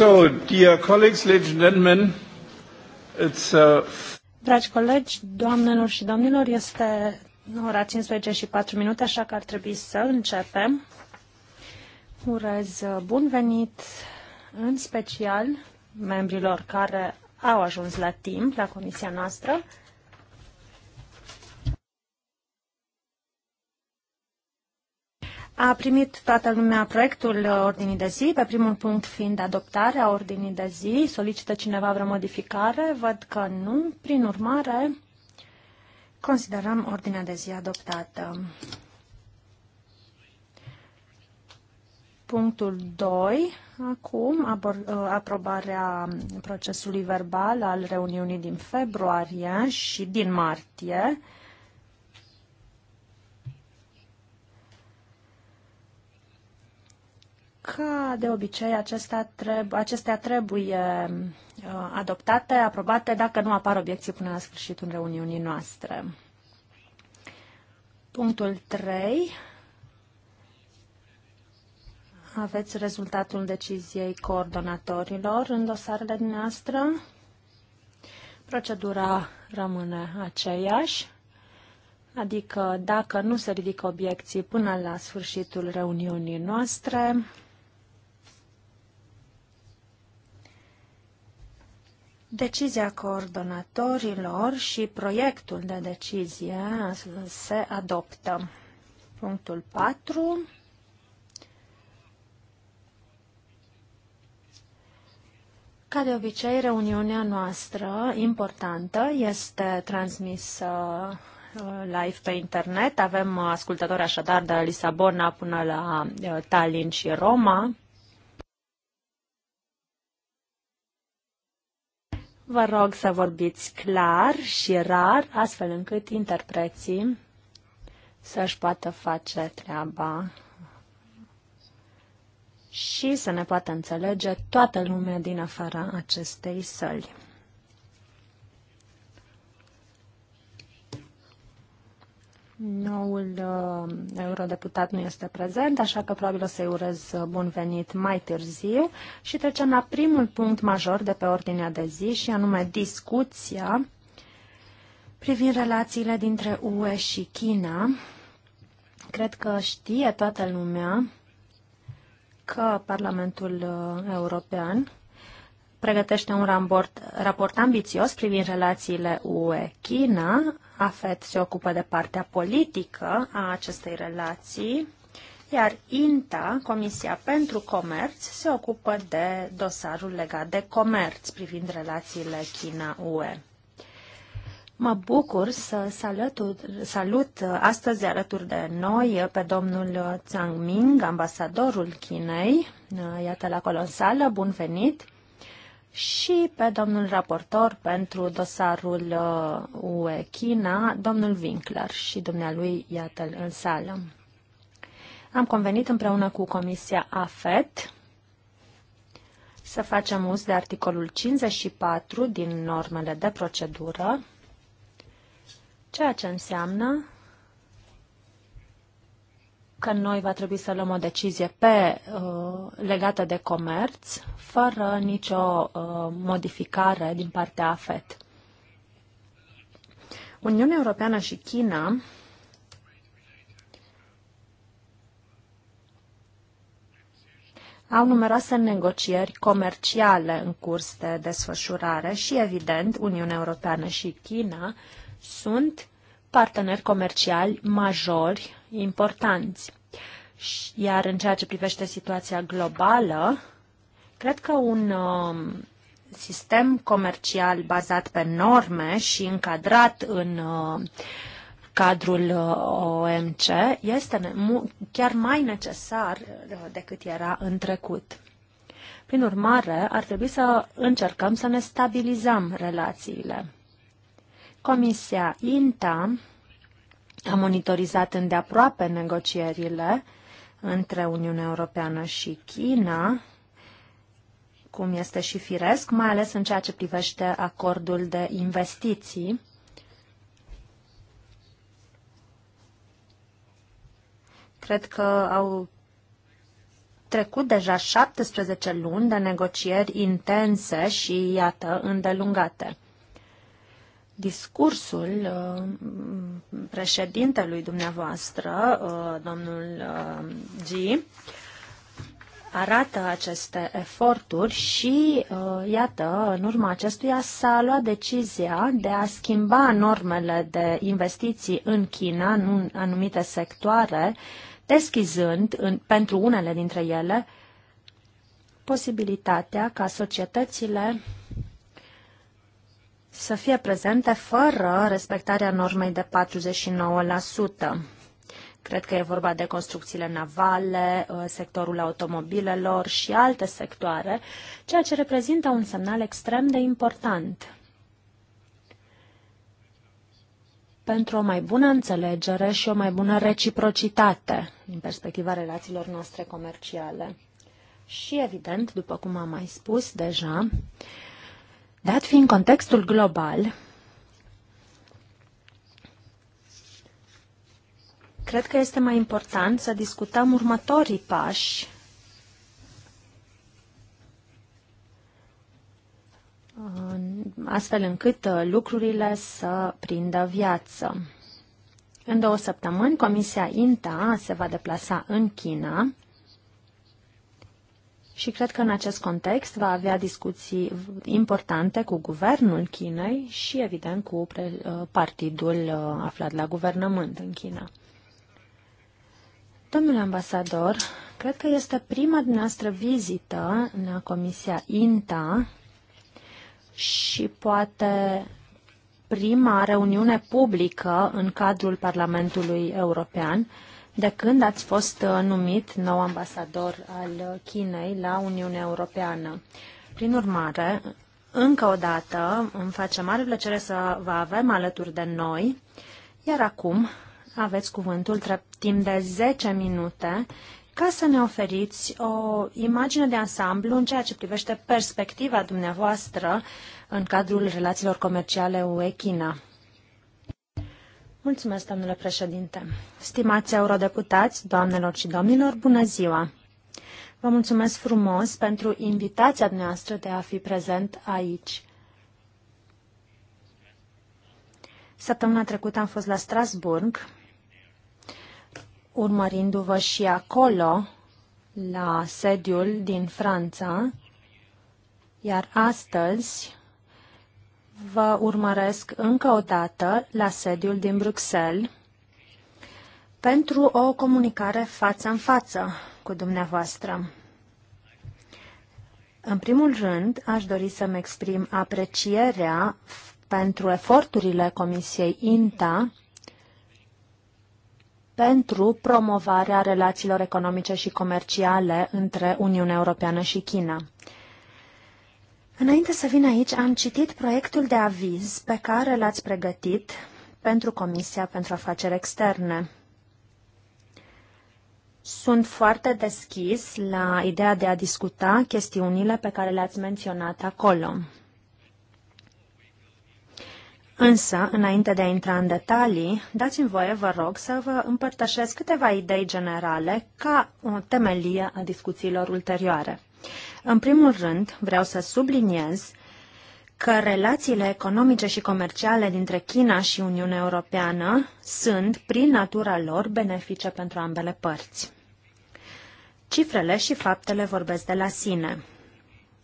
Uh, Dragi colegi, doamnelor și domnilor, este ora 15 și 4 minute, așa că ar trebui să începem. Urez uh, bun venit, în special membrilor care au ajuns la timp la comisia noastră. A primit toată lumea proiectul uh, ordinii de zi, pe primul punct fiind adoptarea ordinii de zi. Solicită cineva vreo modificare? Văd că nu. Prin urmare, considerăm ordinea de zi adoptată. Punctul 2. Acum, uh, aprobarea procesului verbal al reuniunii din februarie și din martie. Ca de obicei, acestea, trebuie, acestea trebuie uh, adoptate, aprobate, dacă nu apar obiecții până la sfârșitul reuniunii noastre. Punctul 3. Aveți rezultatul deciziei coordonatorilor în dosarele noastre. Procedura rămâne aceeași, adică dacă nu se ridică obiecții până la sfârșitul reuniunii noastre, Decizia coordonatorilor și proiectul de decizie se adoptă. Punctul 4. Ca de obicei, reuniunea noastră importantă este transmisă uh, live pe internet. Avem uh, ascultători așadar de la Lisabona până la uh, Tallinn și Roma. Vă rog să vorbiți clar și rar, astfel încât interpreții să-și poată face treaba și să ne poată înțelege toată lumea din afara acestei săli. Noul uh, eurodeputat nu este prezent, așa că probabil o să-i urez uh, bun venit mai târziu și trecem la primul punct major de pe ordinea de zi și anume discuția privind relațiile dintre UE și China. Cred că știe toată lumea că Parlamentul uh, European pregătește un raport, raport ambițios privind relațiile UE-China AFET se ocupă de partea politică a acestei relații, iar INTA, Comisia pentru Comerț, se ocupă de dosarul legat de comerț privind relațiile China-UE. Mă bucur să salut, salut astăzi alături de noi pe domnul Zhang Ming, ambasadorul Chinei. Iată-l acolo în sală, bun venit! și pe domnul raportor pentru dosarul UE uh, China, domnul Winkler și dumnealui, iată-l în sală. Am convenit împreună cu Comisia AFET să facem uz de articolul 54 din normele de procedură, ceea ce înseamnă că noi va trebui să luăm o decizie pe, uh, legată de comerț, fără nicio uh, modificare din partea AFET. Uniunea Europeană și China au numeroase negocieri comerciale în curs de desfășurare și, evident, Uniunea Europeană și China sunt parteneri comerciali majori importanți. Iar în ceea ce privește situația globală, cred că un um, sistem comercial bazat pe norme și încadrat în um, cadrul uh, OMC este chiar mai necesar uh, decât era în trecut. Prin urmare, ar trebui să încercăm să ne stabilizăm relațiile. Comisia INTA a monitorizat îndeaproape negocierile între Uniunea Europeană și China, cum este și firesc, mai ales în ceea ce privește acordul de investiții. Cred că au trecut deja 17 luni de negocieri intense și, iată, îndelungate discursul uh, președintelui dumneavoastră, uh, domnul uh, G, arată aceste eforturi și, iată, în urma acestuia s-a luat decizia de a schimba normele de investiții în China, în anumite sectoare, deschizând în, pentru unele dintre ele posibilitatea ca societățile să fie prezente fără respectarea normei de 49%. Cred că e vorba de construcțiile navale, uh, sectorul automobilelor și alte sectoare, ceea ce reprezintă un semnal extrem de important pentru o mai bună înțelegere și o mai bună reciprocitate din perspectiva relațiilor noastre comerciale. Și, evident, după cum am mai spus deja, uh, Dat fiind contextul global, cred că este mai important să discutăm următorii pași astfel încât uh, lucrurile să prindă viață. În două săptămâni, Comisia INTA se va deplasa în China și cred că în acest context va avea discuții importante cu guvernul Chinei și, evident, cu uh, partidul uh, aflat la guvernământ în China. Domnule ambasador, cred că este prima dumneavoastră vizită în Comisia INTA și poate prima reuniune publică în cadrul Parlamentului European de când ați fost uh, numit nou ambasador al Chinei la Uniunea Europeană. Prin urmare, încă o dată îmi face mare plăcere să vă avem alături de noi, iar acum aveți cuvântul timp de 10 minute ca să ne oferiți o imagine de ansamblu în ceea ce privește perspectiva dumneavoastră în cadrul relațiilor comerciale UE-China. Mulțumesc, domnule președinte. Stimați eurodeputați, doamnelor și domnilor, bună ziua! Vă mulțumesc frumos pentru invitația noastră de a fi prezent aici. Săptămâna trecută am fost la Strasburg, urmărindu-vă și acolo, la sediul din Franța, iar astăzi vă urmăresc încă o dată la sediul din Bruxelles pentru o comunicare față în față cu dumneavoastră. În primul rând, aș dori să-mi exprim aprecierea pentru eforturile Comisiei INTA pentru promovarea relațiilor economice și comerciale între Uniunea Europeană și China. Înainte să vin aici, am citit proiectul de aviz pe care l-ați pregătit pentru Comisia pentru Afaceri Externe. Sunt foarte deschis la ideea de a discuta chestiunile pe care le-ați menționat acolo. Însă, înainte de a intra în detalii, dați-mi voie, vă rog, să vă împărtășesc câteva idei generale ca o temelie a discuțiilor ulterioare. În primul rând, vreau să subliniez că relațiile economice și comerciale dintre China și Uniunea Europeană sunt, prin natura lor, benefice pentru ambele părți. Cifrele și faptele vorbesc de la sine.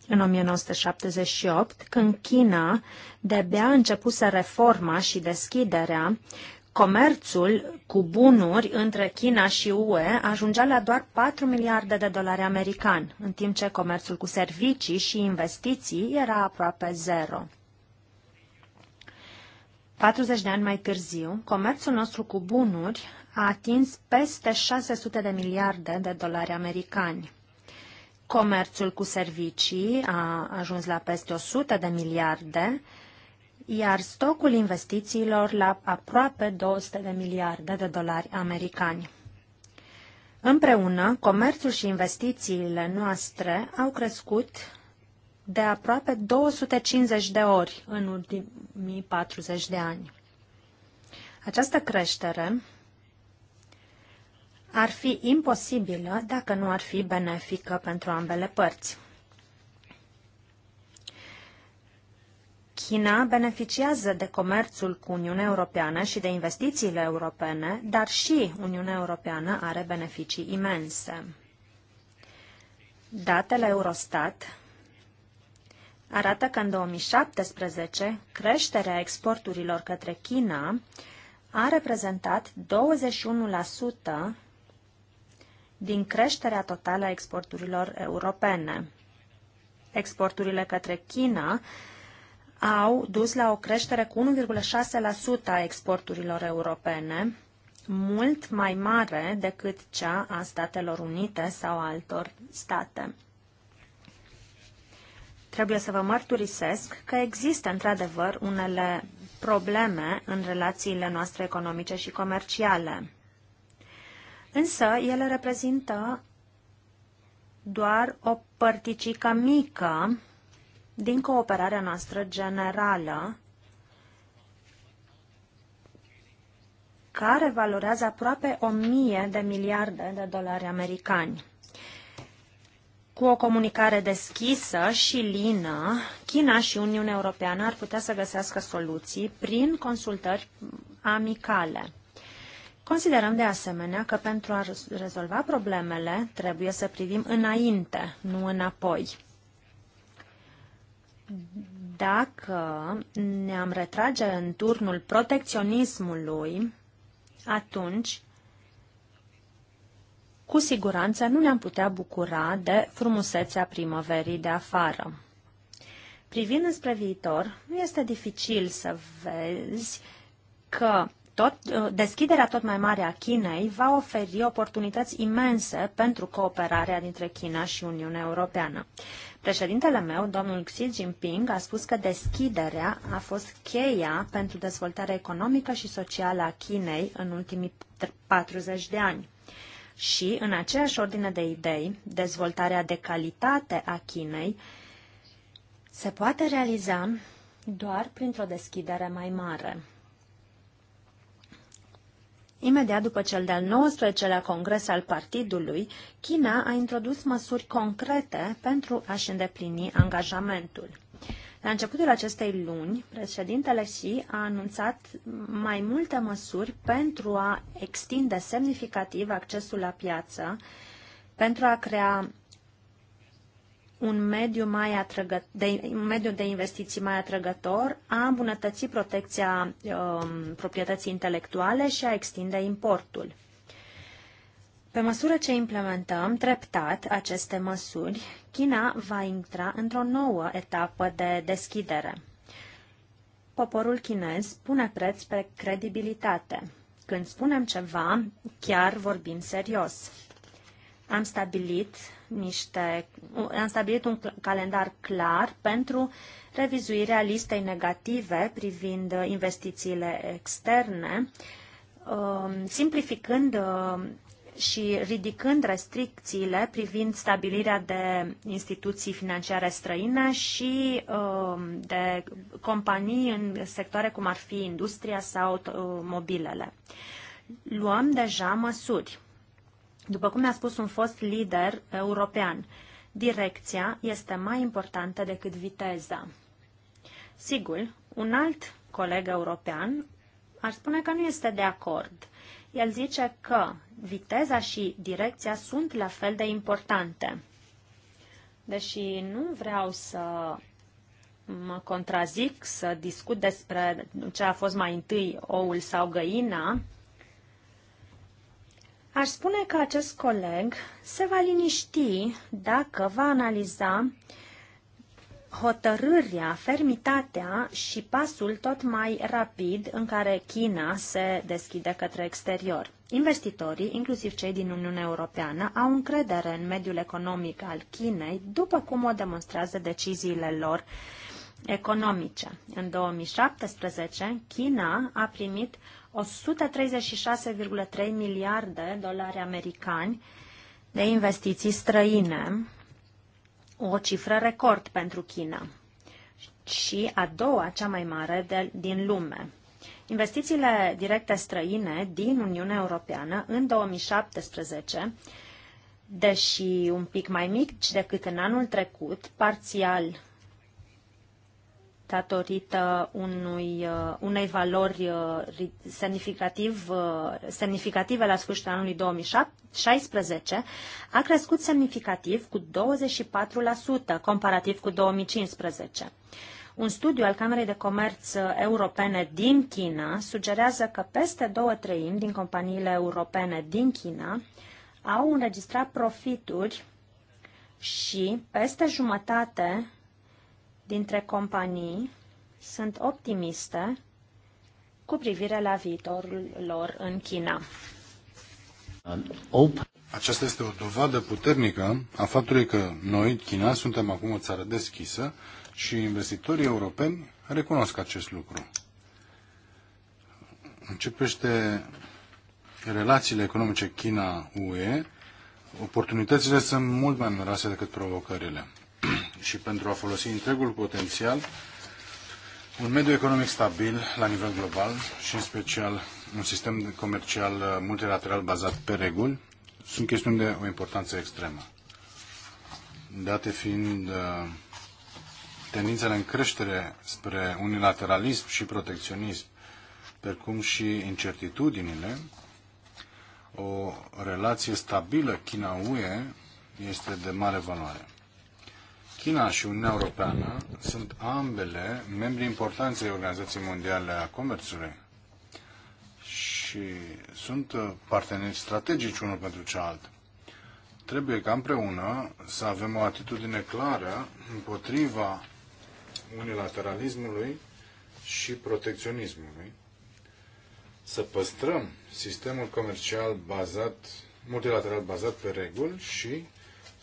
În 1978, când China de-abia începuse reforma și deschiderea, comerțul cu bunuri între China și UE ajungea la doar 4 miliarde de dolari americani, în timp ce comerțul cu servicii și investiții era aproape zero. 40 de ani mai târziu, comerțul nostru cu bunuri a atins peste 600 de miliarde de dolari americani. Comerțul cu servicii a ajuns la peste 100 de miliarde, iar stocul investițiilor la aproape 200 de miliarde de dolari americani. Împreună, comerțul și investițiile noastre au crescut de aproape 250 de ori în ultimii 40 de ani. Această creștere ar fi imposibilă dacă nu ar fi benefică pentru ambele părți. China beneficiază de comerțul cu Uniunea Europeană și de investițiile europene, dar și Uniunea Europeană are beneficii imense. Datele Eurostat arată că în 2017 creșterea exporturilor către China a reprezentat 21% din creșterea totală a exporturilor europene. Exporturile către China au dus la o creștere cu 1,6% a exporturilor europene, mult mai mare decât cea a Statelor Unite sau altor state. Trebuie să vă mărturisesc că există într-adevăr unele probleme în relațiile noastre economice și comerciale. Însă, ele reprezintă doar o părticică mică din cooperarea noastră generală, care valorează aproape 1000 de miliarde de dolari americani. Cu o comunicare deschisă și lină, China și Uniunea Europeană ar putea să găsească soluții prin consultări amicale. Considerăm de asemenea că pentru a rezolva problemele trebuie să privim înainte, nu înapoi dacă ne-am retrage în turnul protecționismului, atunci, cu siguranță, nu ne-am putea bucura de frumusețea primăverii de afară. Privind spre viitor, nu este dificil să vezi că tot, deschiderea tot mai mare a Chinei va oferi oportunități imense pentru cooperarea dintre China și Uniunea Europeană. Președintele meu, domnul Xi Jinping, a spus că deschiderea a fost cheia pentru dezvoltarea economică și socială a Chinei în ultimii 40 de ani. Și, în aceeași ordine de idei, dezvoltarea de calitate a Chinei se poate realiza doar printr-o deschidere mai mare. Imediat după cel de-al 19-lea congres al partidului, China a introdus măsuri concrete pentru a-și îndeplini angajamentul. La începutul acestei luni, președintele Xi a anunțat mai multe măsuri pentru a extinde semnificativ accesul la piață, pentru a crea un mediu, mai atrăgă, de, un mediu de investiții mai atrăgător, a îmbunătăți protecția um, proprietății intelectuale și a extinde importul. Pe măsură ce implementăm treptat aceste măsuri, China va intra într-o nouă etapă de deschidere. Poporul chinez pune preț pe credibilitate. Când spunem ceva, chiar vorbim serios. Am stabilit niște, am stabilit un calendar clar pentru revizuirea listei negative privind investițiile externe, um, simplificând um, și ridicând restricțiile privind stabilirea de instituții financiare străine și um, de companii în sectoare cum ar fi industria sau mobilele. Luăm deja măsuri. După cum a spus un fost lider european, direcția este mai importantă decât viteza. Sigur, un alt coleg european ar spune că nu este de acord. El zice că viteza și direcția sunt la fel de importante. Deși nu vreau să mă contrazic, să discut despre ce a fost mai întâi oul sau găina, Aș spune că acest coleg se va liniști dacă va analiza hotărârea, fermitatea și pasul tot mai rapid în care China se deschide către exterior. Investitorii, inclusiv cei din Uniunea Europeană, au încredere în mediul economic al Chinei, după cum o demonstrează deciziile lor economice. În 2017, China a primit 136,3 miliarde dolari americani de investiții străine, o cifră record pentru China și a doua cea mai mare de, din lume. Investițiile directe străine din Uniunea Europeană în 2017, deși un pic mai mici decât în anul trecut, parțial datorită unui, uh, unei valori uh, semnificativ, uh, semnificative la sfârșitul anului 2016, a crescut semnificativ cu 24% comparativ cu 2015. Un studiu al Camerei de Comerț Europene din China sugerează că peste două treimi din companiile europene din China au înregistrat profituri și peste jumătate dintre companii sunt optimiste cu privire la viitorul lor în China. Aceasta este o dovadă puternică a faptului că noi, China, suntem acum o țară deschisă și investitorii europeni recunosc acest lucru. Începește relațiile economice China-UE, oportunitățile sunt mult mai numeroase decât provocările. și pentru a folosi întregul potențial, un mediu economic stabil la nivel global și în special un sistem comercial uh, multilateral bazat pe reguli sunt chestiuni de o importanță extremă. Date fiind uh, tendințele în creștere spre unilateralism și protecționism, precum și incertitudinile, o relație stabilă China-UE este de mare valoare. China și Uniunea Europeană sunt ambele membri importanței Organizației Mondiale a Comerțului și sunt uh, parteneri strategici unul pentru cealaltă. Trebuie ca împreună să avem o atitudine clară împotriva unilateralismului și protecționismului, să păstrăm sistemul comercial bazat, multilateral bazat pe reguli și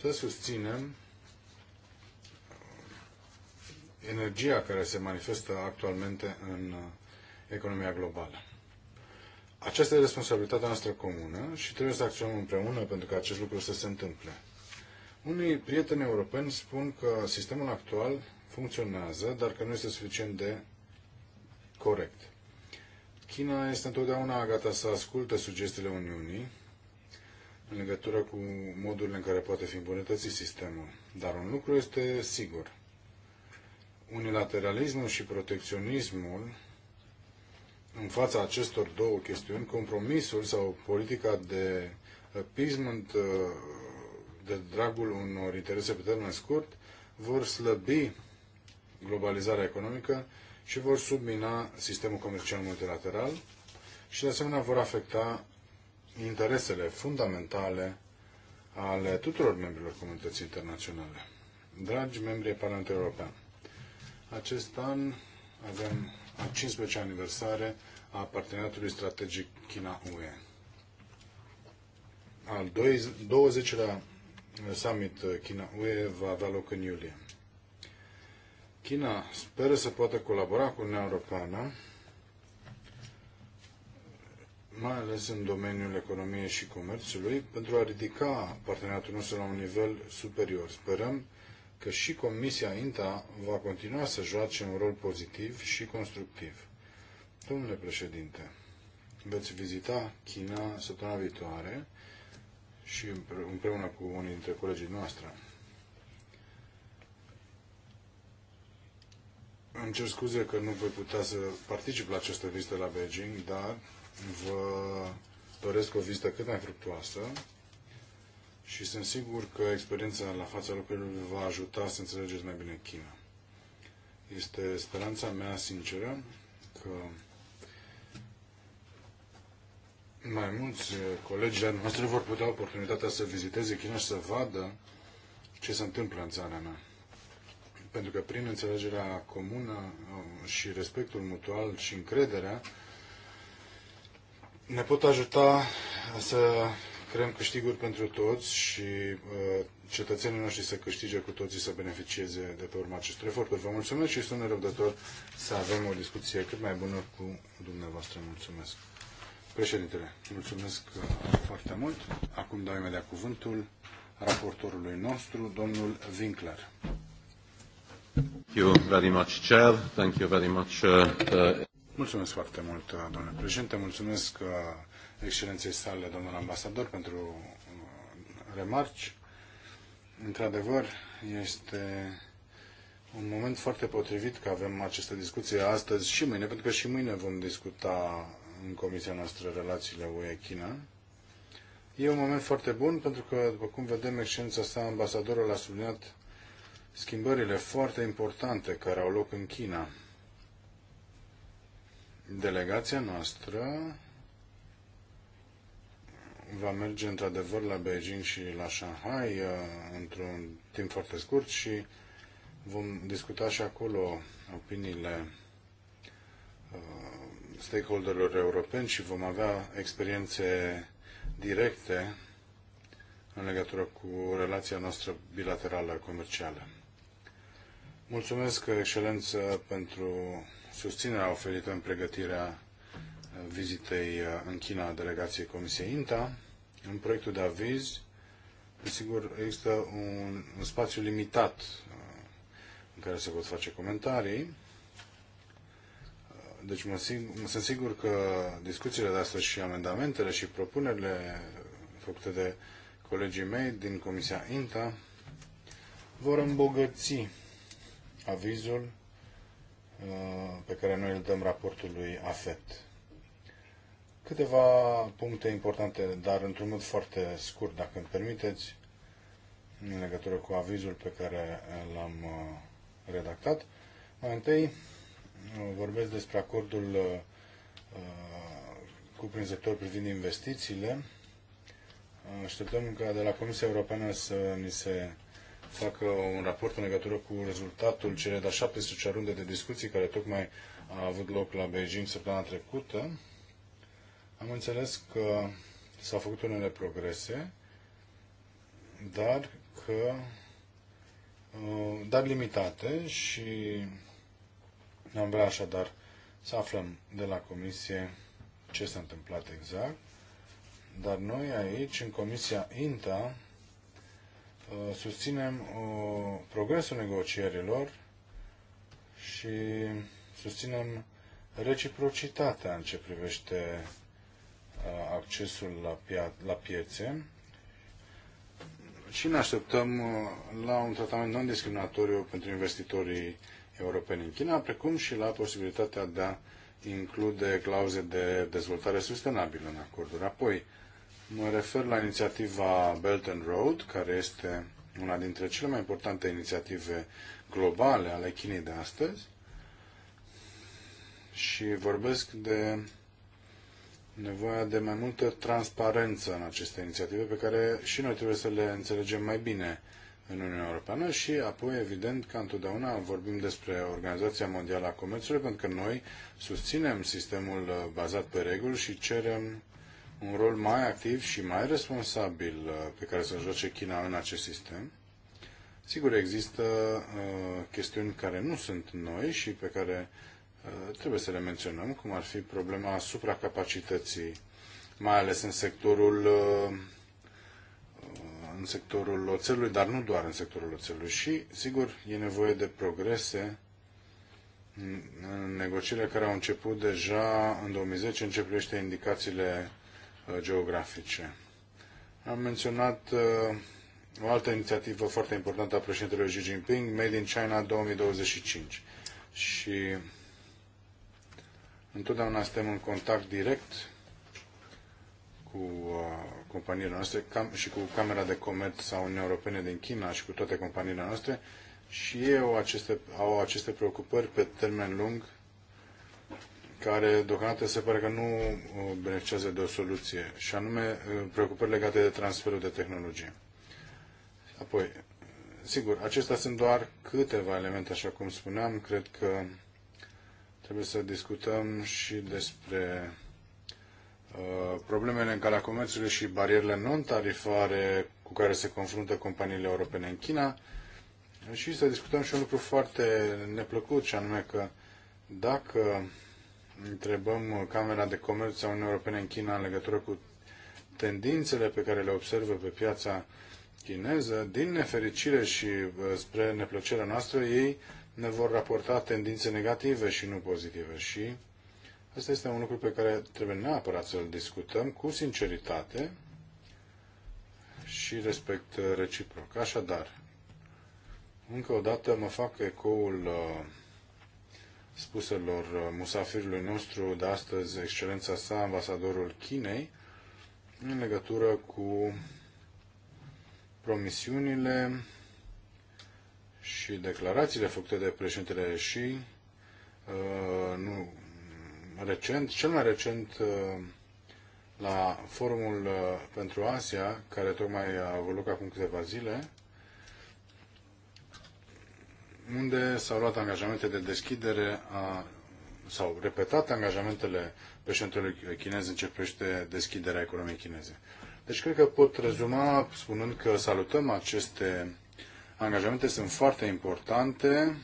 să susținem energia care se manifestă actualmente în uh, economia globală. Aceasta e responsabilitatea noastră comună și trebuie să acționăm împreună pentru că acest lucru să se întâmple. Unii prieteni europeni spun că sistemul actual funcționează, dar că nu este suficient de corect. China este întotdeauna gata să asculte sugestiile Uniunii în legătură cu modurile în care poate fi îmbunătățit sistemul. Dar un lucru este sigur unilateralismul și protecționismul, în fața acestor două chestiuni, compromisul sau politica de appeasement uh, de dragul unor interese pe termen scurt, vor slăbi globalizarea economică și vor submina sistemul comercial multilateral și, de asemenea, vor afecta interesele fundamentale ale tuturor membrilor comunității internaționale. Dragi membri ai Parlamentului European, acest an avem a 15-a aniversare a parteneriatului strategic China-UE. Al 20-lea summit China-UE va avea loc în iulie. China speră să poată colabora cu Uniunea Europeană, mai ales în domeniul economiei și comerțului, pentru a ridica parteneriatul nostru la un nivel superior. Sperăm că și Comisia INTA va continua să joace un rol pozitiv și constructiv. Domnule președinte, veți vizita China săptămâna viitoare și împreună cu unii dintre colegii noastre. Îmi cer scuze că nu voi putea să particip la această vizită la Beijing, dar vă doresc o vizită cât mai fructuoasă și sunt sigur că experiența la fața lucrurilor va ajuta să înțelegeți mai bine China. Este speranța mea sinceră că mai mulți colegi de noastre vor putea oportunitatea să viziteze China și să vadă ce se întâmplă în țara mea. Pentru că prin înțelegerea comună um, și respectul mutual și încrederea ne pot ajuta să creăm câștiguri pentru toți și uh, cetățenii noștri să câștige cu toții să beneficieze de pe urma acestor eforturi. Vă mulțumesc și sunt nerăbdător să avem o discuție cât mai bună cu dumneavoastră. Mulțumesc. Președintele, mulțumesc uh, foarte mult. Acum dau imediat cuvântul raportorului nostru, domnul Winkler. Thank you very much, Chair. Thank you very much. Uh, uh Mulțumesc foarte mult, domnule președinte. Mulțumesc uh, excelenței sale, domnul ambasador, pentru uh, remarci. Într-adevăr, este un moment foarte potrivit că avem această discuție astăzi și mâine, pentru că și mâine vom discuta în comisia noastră relațiile UE-China. E un moment foarte bun pentru că, după cum vedem, excelența sa, ambasadorul a subliniat schimbările foarte importante care au loc în China. Delegația noastră va merge într-adevăr la Beijing și la Shanghai uh, într-un timp foarte scurt și vom discuta și acolo opiniile uh, stakeholderilor europeni și vom avea experiențe directe în legătură cu relația noastră bilaterală comercială. Mulțumesc, excelență, pentru susținerea oferită în pregătirea vizitei uh, în China a delegației Comisiei INTA. În proiectul de aviz, desigur, există un, un spațiu limitat uh, în care se pot face comentarii. Uh, deci mă sigur, mă sunt sigur că discuțiile de astăzi și amendamentele și propunerile făcute de colegii mei din Comisia INTA vor îmbogăți avizul pe care noi îl dăm raportului AFET. Câteva puncte importante, dar într-un mod foarte scurt, dacă îmi permiteți, în legătură cu avizul pe care l-am uh, redactat. Mai întâi uh, vorbesc despre acordul uh, cuprinzător privind investițiile. Așteptăm ca de la Comisia Europeană să ni se facă un raport în legătură cu rezultatul cele de-a 17 runde de discuții care tocmai a avut loc la Beijing săptămâna trecută. Am înțeles că s-au făcut unele progrese, dar că uh, dar limitate și am vrea așadar să aflăm de la comisie ce s-a întâmplat exact. Dar noi aici, în comisia INTA, uh, susținem uh, progresul negocierilor și susținem reciprocitatea în ce privește accesul la, pia- la piețe și ne așteptăm la un tratament non-discriminatoriu pentru investitorii europeni în China, precum și la posibilitatea de a include clauze de dezvoltare sustenabilă în acorduri. Apoi, mă refer la inițiativa Belt and Road, care este una dintre cele mai importante inițiative globale ale Chinei de astăzi și vorbesc de nevoia de mai multă transparență în aceste inițiative pe care și noi trebuie să le înțelegem mai bine în Uniunea Europeană și apoi, evident, ca întotdeauna vorbim despre Organizația Mondială a Comerțului, pentru că noi susținem sistemul bazat pe reguli și cerem un rol mai activ și mai responsabil uh, pe care să joace China în acest sistem. Sigur, există uh, chestiuni care nu sunt noi și pe care Eh, trebuie să le menționăm, cum ar fi problema supracapacității, mai ales în sectorul eh, în sectorul oțelului, dar nu doar în sectorul oțelului. Și, sigur, e nevoie de progrese în negocierile care au început deja în 2010 începește indicațiile eh, geografice. Am menționat o altă inițiativă foarte importantă a președintelui Xi Jinping, Made in China 2025. Și Întotdeauna suntem în contact direct cu uh, companiile noastre cam, și cu Camera de Comerț a Uniunii Europene din China și cu toate companiile noastre și ei au aceste, au aceste preocupări pe termen lung care deocamdată se pare că nu uh, beneficiază de o soluție și anume uh, preocupări legate de transferul de tehnologie. Apoi, sigur, acestea sunt doar câteva elemente, așa cum spuneam, cred că Trebuie să discutăm și despre uh, problemele în calea comerțului și barierele non-tarifare cu care se confruntă companiile europene în China și să discutăm și un lucru foarte neplăcut, și anume că dacă întrebăm Camera de Comerț a Uniunii Europene în China în legătură cu tendințele pe care le observă pe piața chineză, din nefericire și uh, spre neplăcerea noastră, ei ne vor raporta tendințe negative și nu pozitive. Și asta este un lucru pe care trebuie neapărat să-l discutăm cu sinceritate și respect reciproc. Așadar, încă o dată mă fac ecoul uh, spuselor uh, musafirului nostru de astăzi, excelența sa, ambasadorul Chinei, în legătură cu promisiunile și declarațiile făcute de președintele și uh, nu, recent, cel mai recent uh, la forumul uh, pentru Asia, care tocmai a avut loc acum câteva zile, unde s-au luat angajamente de deschidere a, sau repetate angajamentele președintelui chinez în ce privește deschiderea economiei chineze. Deci cred că pot rezuma spunând că salutăm aceste angajamente sunt foarte importante,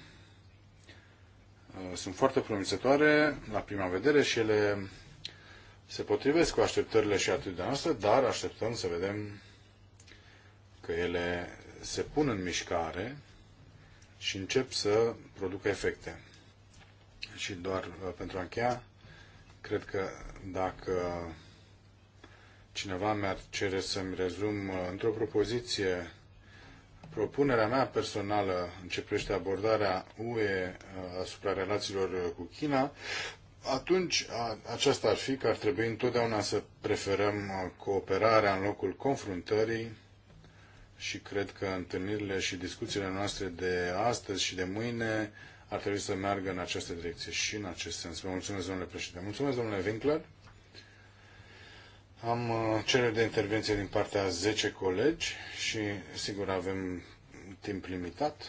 uh, sunt foarte promițătoare la prima vedere și ele se potrivesc cu așteptările și atitudinea noastră, dar așteptăm să vedem că ele se pun în mișcare și încep să producă efecte. Și doar uh, pentru a încheia, cred că dacă cineva mi-ar cere să-mi rezum uh, într-o propoziție Propunerea mea personală în ce privește abordarea UE uh, asupra relațiilor cu China, atunci aceasta ar fi că ar trebui întotdeauna să preferăm uh, cooperarea în locul confruntării și cred că întâlnirile și discuțiile noastre de astăzi și de mâine ar trebui să meargă în această direcție și în acest sens. Vă mulțumesc, domnule președinte. Mulțumesc, domnule Winkler. Am uh, cereri de intervenție din partea a 10 colegi și, sigur, avem timp limitat.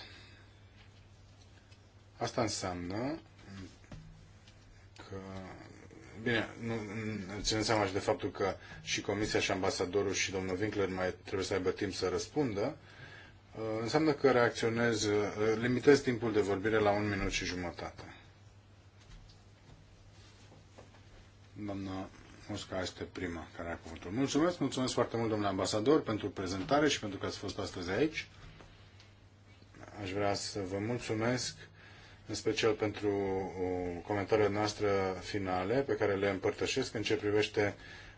Asta înseamnă că... Bine, nu, ținem seama și de faptul că și Comisia și ambasadorul și domnul Winkler mai trebuie să aibă timp să răspundă, uh, înseamnă că reacționez, uh, limitez timpul de vorbire la un minut și jumătate. Doamna Mosca este prima care are cuvântul. Mulțumesc, mulțumesc foarte mult, domnule ambasador, pentru prezentare și pentru că ați fost astăzi aici. Aș vrea să vă mulțumesc în special pentru comentariile noastre finale pe care le împărtășesc în ce privește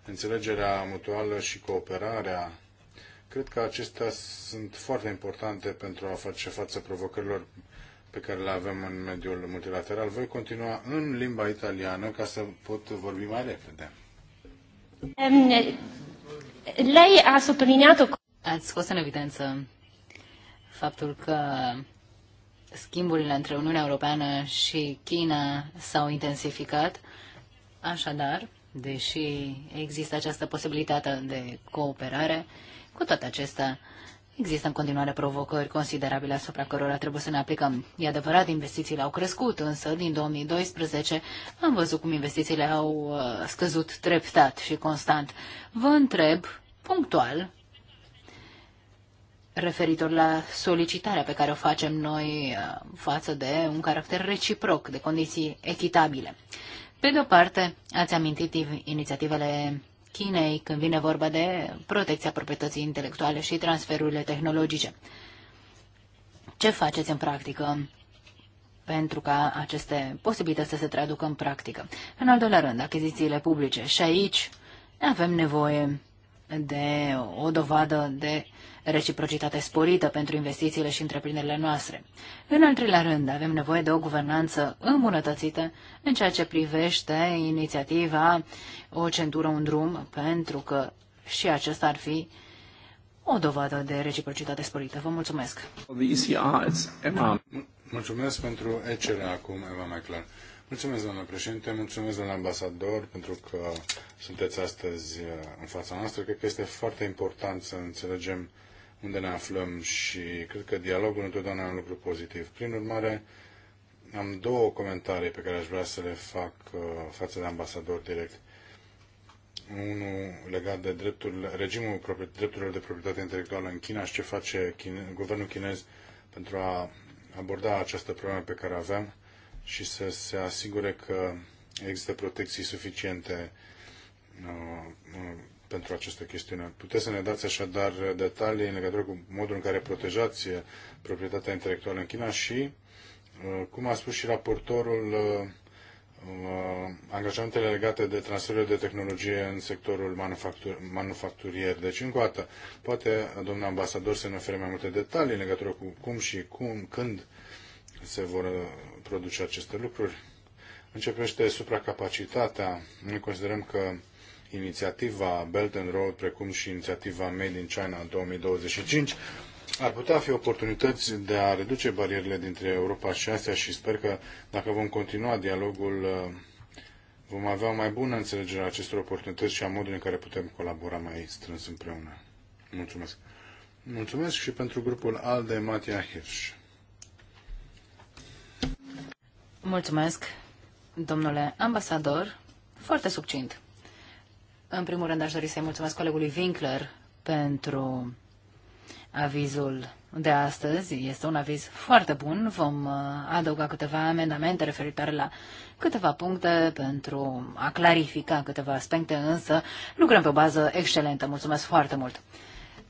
înțelegerea mutuală și cooperarea. Cred că acestea sunt foarte importante pentru a face față provocărilor pe care le avem în mediul multilateral. Voi continua în limba italiană ca să pot vorbi mai repede. Lei a subliniat Ați scos în evidență faptul că schimburile între Uniunea Europeană și China s-au intensificat. Așadar, deși există această posibilitate de cooperare, cu toate acestea, Există în continuare provocări considerabile asupra cărora trebuie să ne aplicăm. E adevărat, investițiile au crescut, însă din 2012 am văzut cum investițiile au uh, scăzut treptat și constant. Vă întreb, punctual, referitor la solicitarea pe care o facem noi uh, față de un caracter reciproc, de condiții echitabile. Pe de o parte, ați amintit inițiativele Chinei când vine vorba de protecția proprietății intelectuale și transferurile tehnologice. Ce faceți în practică pentru ca aceste posibilități să se traducă în practică? În al doilea rând, achizițiile publice. Și aici avem nevoie de o dovadă de reciprocitate sporită pentru investițiile și întreprinderile noastre. În al treilea rând, avem nevoie de o guvernanță îmbunătățită în ceea ce privește inițiativa O centură, un drum, pentru că și acesta ar fi o dovadă de reciprocitate sporită. Vă mulțumesc! Mulțumesc pentru ECR acum, Eva McLaren. Mulțumesc, doamnă președinte, mulțumesc, doamnă ambasador, pentru că sunteți astăzi uh, în fața noastră. Cred că este foarte important să înțelegem unde ne aflăm și cred că dialogul întotdeauna e un lucru pozitiv. Prin urmare, am două comentarii pe care aș vrea să le fac uh, față de ambasador direct. Unul legat de dreptul regimul drepturilor de proprietate intelectuală în China și ce face chine, guvernul chinez pentru a aborda această problemă pe care avem și să se asigure că există protecții suficiente uh, uh, pentru această chestiune. Puteți să ne dați așadar detalii în legătură cu modul în care protejați proprietatea intelectuală în China și, uh, cum a spus și raportorul, uh, uh, angajamentele legate de transferul de tehnologie în sectorul manufactur manufacturier. Deci, încă o dată, poate domnul ambasador să ne ofere mai multe detalii în legătură cu cum și cum, când se vor produce aceste lucruri. Începește supracapacitatea. Noi considerăm că inițiativa Belt and Road, precum și inițiativa Made in China 2025, ar putea fi oportunități de a reduce barierele dintre Europa și Asia și sper că dacă vom continua dialogul, uh, vom avea o mai bună înțelegere a acestor oportunități și a modului în care putem colabora mai strâns împreună. Mulțumesc! Mulțumesc și pentru grupul ALDE Matia Hirsch. Mulțumesc, domnule ambasador, foarte succint. În primul rând aș dori să-i mulțumesc colegului Winkler pentru avizul de astăzi. Este un aviz foarte bun. Vom uh, adăuga câteva amendamente referitoare la câteva puncte pentru a clarifica câteva aspecte, însă lucrăm pe o bază excelentă. Mulțumesc foarte mult!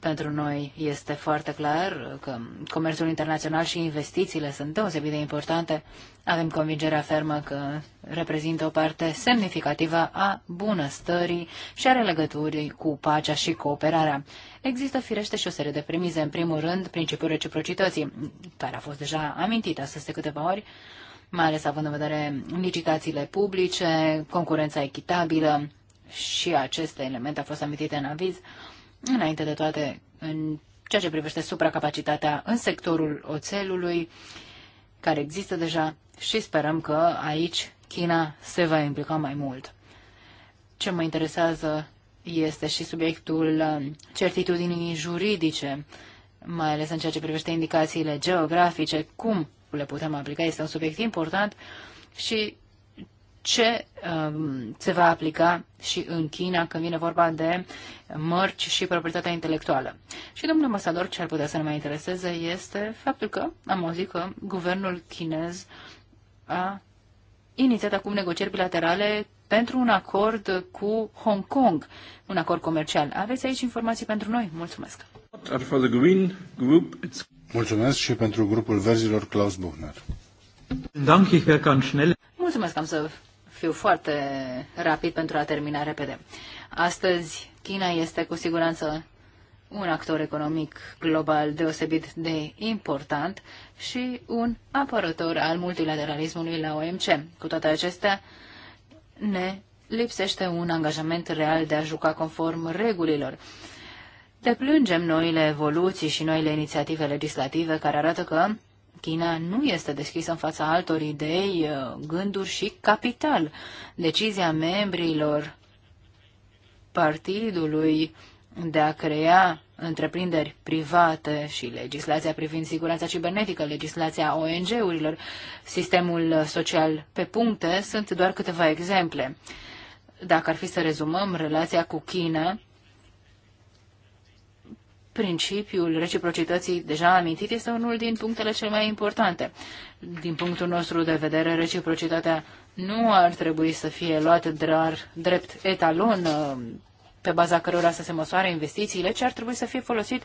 Pentru noi este foarte clar că comerțul internațional și investițiile sunt deosebit de importante. Avem convingerea fermă că reprezintă o parte semnificativă a bunăstării și are legături cu pacea și cooperarea. Există firește și o serie de premize. În primul rând, principiul reciprocității, care a fost deja amintit astăzi de câteva ori, mai ales având în vedere licitațiile publice, concurența echitabilă și aceste elemente au fost amintite în aviz. Înainte de toate, în ceea ce privește supracapacitatea în sectorul oțelului, care există deja și sperăm că aici China se va implica mai mult. Ce mă interesează este și subiectul um, certitudinii juridice, mai ales în ceea ce privește indicațiile geografice, cum le putem aplica, este un subiect important și ce um, se va aplica și în China când vine vorba de mărci și proprietatea intelectuală. Și domnul ambasador, ce ar putea să ne mai intereseze este faptul că am auzit că guvernul chinez a inițiat acum negocieri bilaterale pentru un acord cu Hong Kong, un acord comercial. Aveți aici informații pentru noi? Mulțumesc! Mulțumesc și pentru grupul verzilor Klaus Buchner. Mulțumesc, am să fiu foarte rapid pentru a termina repede. Astăzi, China este cu siguranță un actor economic global deosebit de important și un apărător al multilateralismului la OMC. Cu toate acestea, ne lipsește un angajament real de a juca conform regulilor. Deplângem noile evoluții și noile inițiative legislative care arată că China nu este deschisă în fața altor idei, uh, gânduri și capital. Decizia membrilor partidului de a crea întreprinderi private și legislația privind siguranța cibernetică, legislația ONG-urilor, sistemul social pe puncte, sunt doar câteva exemple. Dacă ar fi să rezumăm relația cu China, principiul reciprocității deja amintit este unul din punctele cele mai importante. Din punctul nostru de vedere, reciprocitatea nu ar trebui să fie luată drept etalon uh, pe baza cărora să se măsoare investițiile, ci ar trebui să fie folosit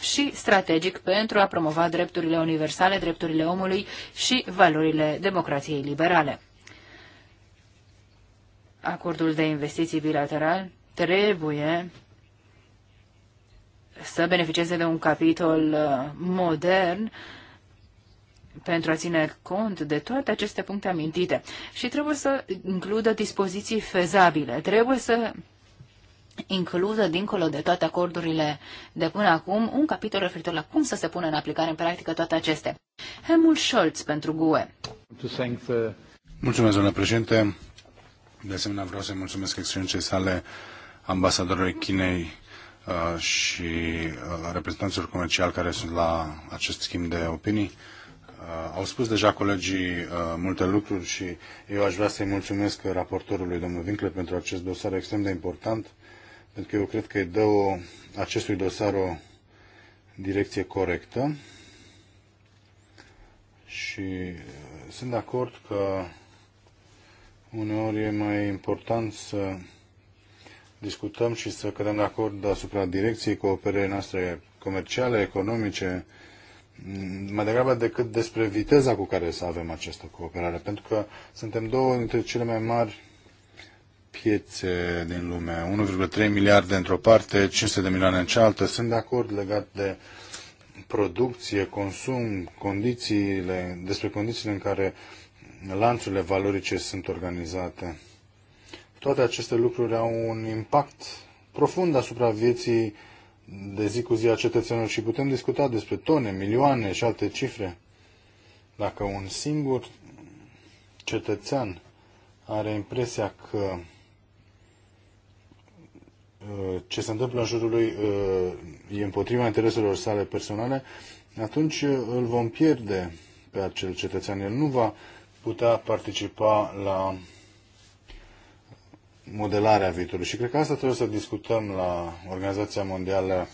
și strategic pentru a promova drepturile universale, drepturile omului și valorile democrației liberale. Acordul de investiții bilateral trebuie să beneficieze de un capitol uh, modern pentru a ține cont de toate aceste puncte amintite. Și trebuie să includă dispoziții fezabile. Trebuie să includă, dincolo de toate acordurile de până acum, un capitol referitor la cum să se pună în aplicare în practică toate acestea. Helmut Scholz pentru GUE. Mulțumesc, domnule președinte. De asemenea, vreau să mulțumesc excelenței sale ambasadorului Chinei Uh, și uh, reprezentanților comerciali care sunt la acest schimb de opinii. Uh, au spus deja colegii multe lucruri și eu aș vrea să-i mulțumesc raportorului domnul Vincle pentru acest dosar extrem de important, pentru că eu cred că îi dă o, acestui dosar o direcție corectă și sunt de acord că uneori e mai important să discutăm și să cădem de acord asupra direcției cooperării noastre comerciale, economice, mai degrabă decât despre viteza cu care să avem această cooperare, pentru că suntem două dintre cele mai mari piețe din lume, 1,3 miliarde într-o parte, 500 de milioane în cealaltă. Sunt de acord legat de producție, consum, condițiile, despre condițiile în care lanțurile valorice sunt organizate. Toate aceste lucruri au un impact profund asupra vieții de zi cu zi a cetățenilor și putem discuta despre tone, milioane și alte cifre. Dacă un singur cetățean are impresia că uh, ce se întâmplă în jurul lui uh, e împotriva intereselor sale personale, atunci uh, îl vom pierde pe acel cetățean. El nu va putea participa la modelarea viitorului. Și cred că asta trebuie să discutăm la Organizația Mondială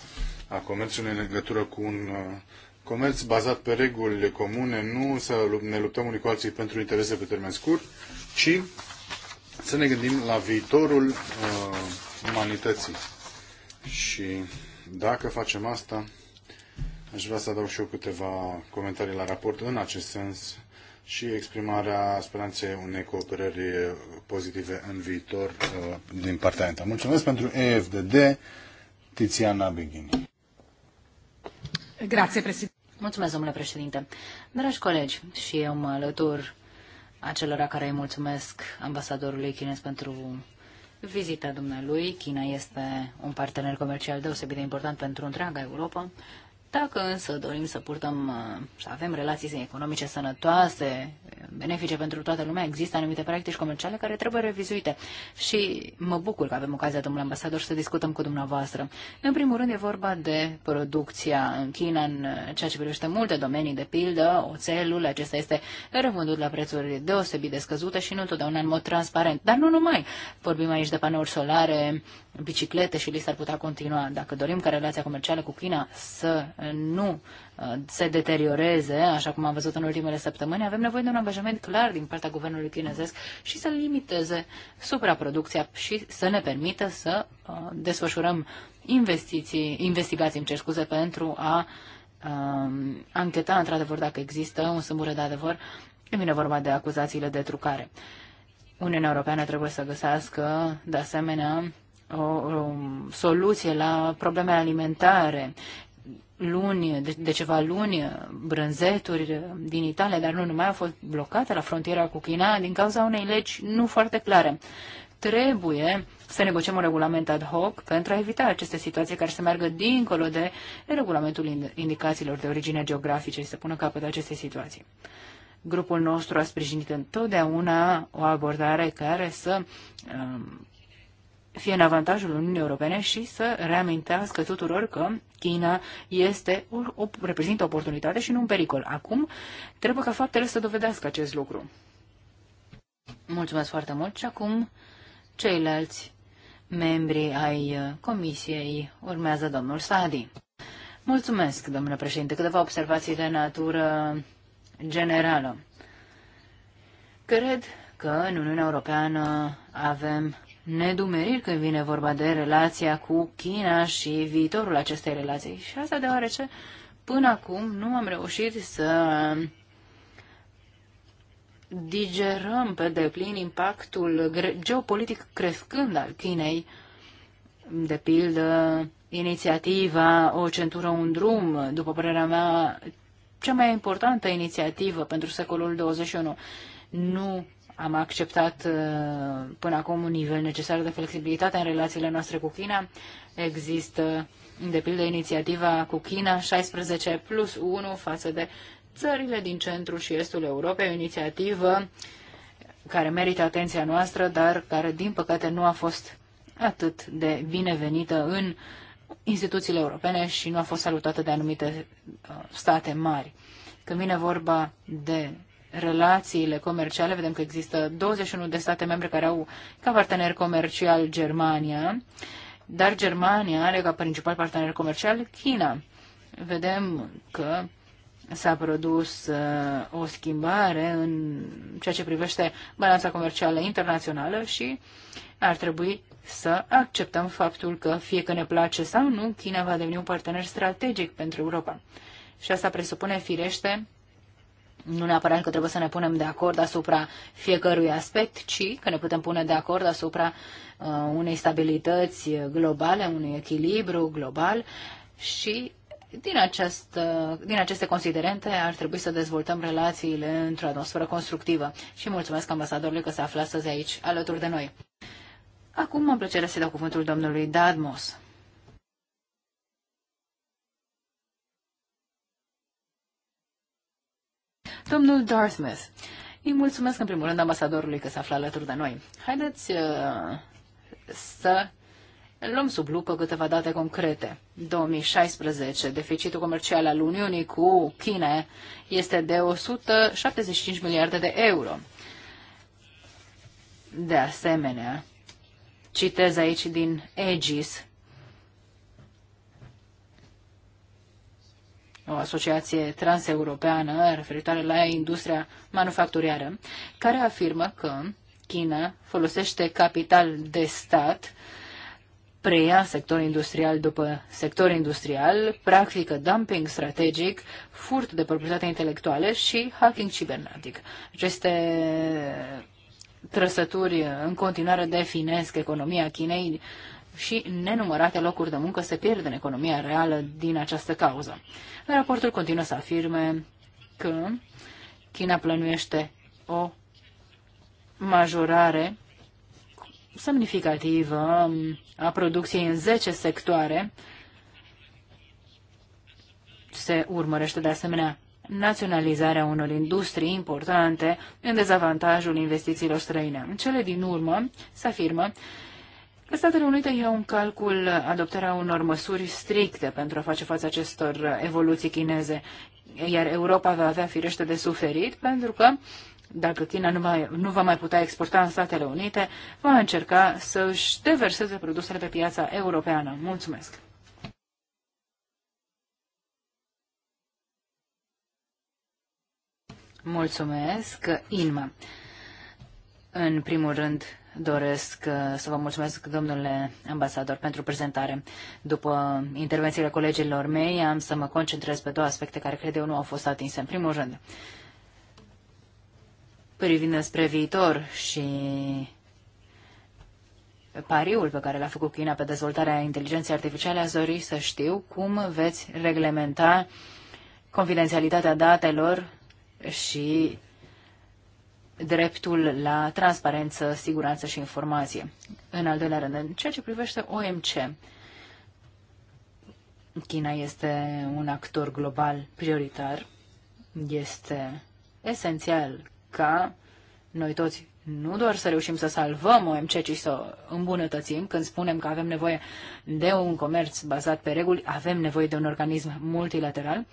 a Comerțului în legătură cu un uh, comerț bazat pe reguli comune, nu să ne luptăm unii cu alții pentru interese pe termen scurt, ci să ne gândim la viitorul uh, umanității. Și dacă facem asta, aș vrea să adaug și eu câteva comentarii la raport în acest sens și exprimarea speranței unei cooperări pozitive în viitor uh, din partea ENTA. Mulțumesc pentru EFDD, Tiziana Beghini. Grazie, președinte. Mulțumesc, domnule președinte. Dragi colegi, și eu mă alătur acelora care îi mulțumesc ambasadorului chinez pentru vizita dumnealui. China este un partener comercial deosebit de important pentru întreaga Europa dacă însă dorim să purtăm, uh, să avem relații economice sănătoase, benefice pentru toată lumea, există anumite practici comerciale care trebuie revizuite. Și mă bucur că avem ocazia, domnule ambasador, să discutăm cu dumneavoastră. În primul rând e vorba de producția în China, în uh, ceea ce privește multe domenii, de pildă, oțelul, acesta este revândut la prețuri deosebit de scăzute și nu întotdeauna în mod transparent. Dar nu numai. Vorbim aici de panouri solare, biciclete și lista ar putea continua. Dacă dorim ca relația comercială cu China să nu uh, se deterioreze, așa cum am văzut în ultimele săptămâni, avem nevoie de un angajament clar din partea guvernului chinezesc și să limiteze supraproducția și să ne permită să uh, desfășurăm investiții, investigații, îmi cer scuze, pentru a um, ancheta într-adevăr dacă există un sâmbură de adevăr când vine vorba de acuzațiile de trucare. Uniunea Europeană trebuie să găsească, de asemenea, o, o soluție la problemele alimentare luni, de, de ceva luni, brânzeturi din Italia, dar nu numai, au fost blocate la frontiera cu China din cauza unei legi nu foarte clare. Trebuie să negociem un regulament ad hoc pentru a evita aceste situații care să meargă dincolo de regulamentul indicațiilor de origine geografice și să pună capăt acestei situații. Grupul nostru a sprijinit întotdeauna o abordare care să um, fie în avantajul Uniunii Europene și să reamintească tuturor că China este, o, o, reprezintă o oportunitate și nu un pericol. Acum trebuie ca faptele să dovedească acest lucru. Mulțumesc foarte mult și acum ceilalți membri ai uh, comisiei urmează domnul Sadi. Mulțumesc, domnule președinte. Câteva observații de natură generală. Cred că în Uniunea Europeană avem nedumeriri când vine vorba de relația cu China și viitorul acestei relații. Și asta deoarece până acum nu am reușit să digerăm pe deplin impactul geopolitic crescând al Chinei, de pildă inițiativa O centură, un drum, după părerea mea, cea mai importantă inițiativă pentru secolul 21. Nu am acceptat uh, până acum un nivel necesar de flexibilitate în relațiile noastre cu China. Există, de pildă, inițiativa cu China 16 plus 1 față de țările din centrul și estul Europei, o inițiativă care merită atenția noastră, dar care, din păcate, nu a fost atât de binevenită în instituțiile europene și nu a fost salutată de anumite uh, state mari. Când vine vorba de relațiile comerciale. Vedem că există 21 de state membre care au ca partener comercial Germania, dar Germania are ca principal partener comercial China. Vedem că s-a produs uh, o schimbare în ceea ce privește balanța comercială internațională și ar trebui să acceptăm faptul că, fie că ne place sau nu, China va deveni un partener strategic pentru Europa. Și asta presupune, firește, nu neapărat că trebuie să ne punem de acord asupra fiecărui aspect, ci că ne putem pune de acord asupra uh, unei stabilități globale, unui echilibru global și din, această din aceste considerente ar trebui să dezvoltăm relațiile într-o atmosferă constructivă. Și mulțumesc ambasadorului că se află astăzi aici alături de noi. Acum am plăcerea să dau cuvântul domnului Dadmos. Domnul Dartmouth, îi mulțumesc în primul rând ambasadorului că s-a află alături de noi. Haideți uh, să luăm sub lupă câteva date concrete. 2016, deficitul comercial al Uniunii cu China este de 175 miliarde de euro. De asemenea, citez aici din EGIS, o asociație transeuropeană referitoare la industria manufacturiară, care afirmă că China folosește capital de stat, preia sector industrial după sector industrial, practică dumping strategic, furt de proprietate intelectuală și hacking cibernetic. Aceste trăsături în continuare definesc economia Chinei și nenumărate locuri de muncă se pierd în economia reală din această cauză. Raportul continuă să afirme că China plănuiește o majorare semnificativă a producției în 10 sectoare. Se urmărește de asemenea naționalizarea unor industrii importante în dezavantajul investițiilor străine. În cele din urmă se afirmă Statele Unite iau un calcul adoptarea unor măsuri stricte pentru a face față acestor evoluții chineze, iar Europa va avea firește de suferit pentru că dacă China nu, mai, nu va mai putea exporta în Statele Unite, va încerca să își deverseze produsele pe piața europeană. Mulțumesc! Mulțumesc, Inma. În primul rând, doresc uh, să vă mulțumesc, domnule ambasador, pentru prezentare. După intervențiile colegilor mei, am să mă concentrez pe două aspecte care cred eu nu au fost atinse. În primul rând, privind spre viitor și pariul pe care l-a făcut China pe dezvoltarea inteligenței artificiale, aș dori să știu cum veți reglementa confidențialitatea datelor și dreptul la transparență, siguranță și informație. În al doilea rând, în ceea ce privește OMC, China este un actor global prioritar. Este esențial ca noi toți nu doar să reușim să salvăm OMC, ci să o îmbunătățim. Când spunem că avem nevoie de un comerț bazat pe reguli, avem nevoie de un organism multilateral.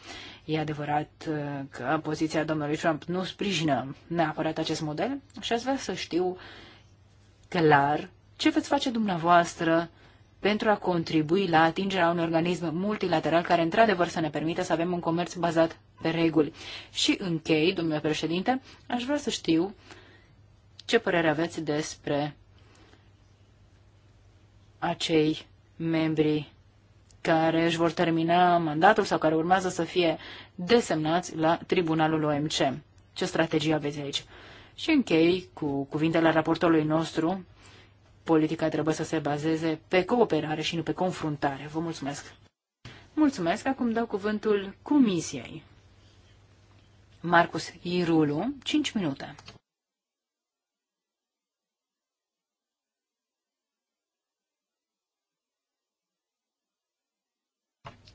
E adevărat uh, că poziția domnului Trump nu sprijină neapărat acest model și aș vrea să știu clar ce veți face dumneavoastră pentru a contribui la atingerea unui organism multilateral care într-adevăr să ne permită să avem un comerț bazat pe reguli. Și închei, domnule președinte, aș vrea să știu ce părere aveți despre acei membri care își vor termina mandatul sau care urmează să fie desemnați la tribunalul OMC? Ce strategie aveți aici? Și închei cu cuvintele raportorului nostru. Politica trebuie să se bazeze pe cooperare și nu pe confruntare. Vă mulțumesc! Mulțumesc! Acum dau cuvântul Comisiei. Marcus Irulu, 5 minute.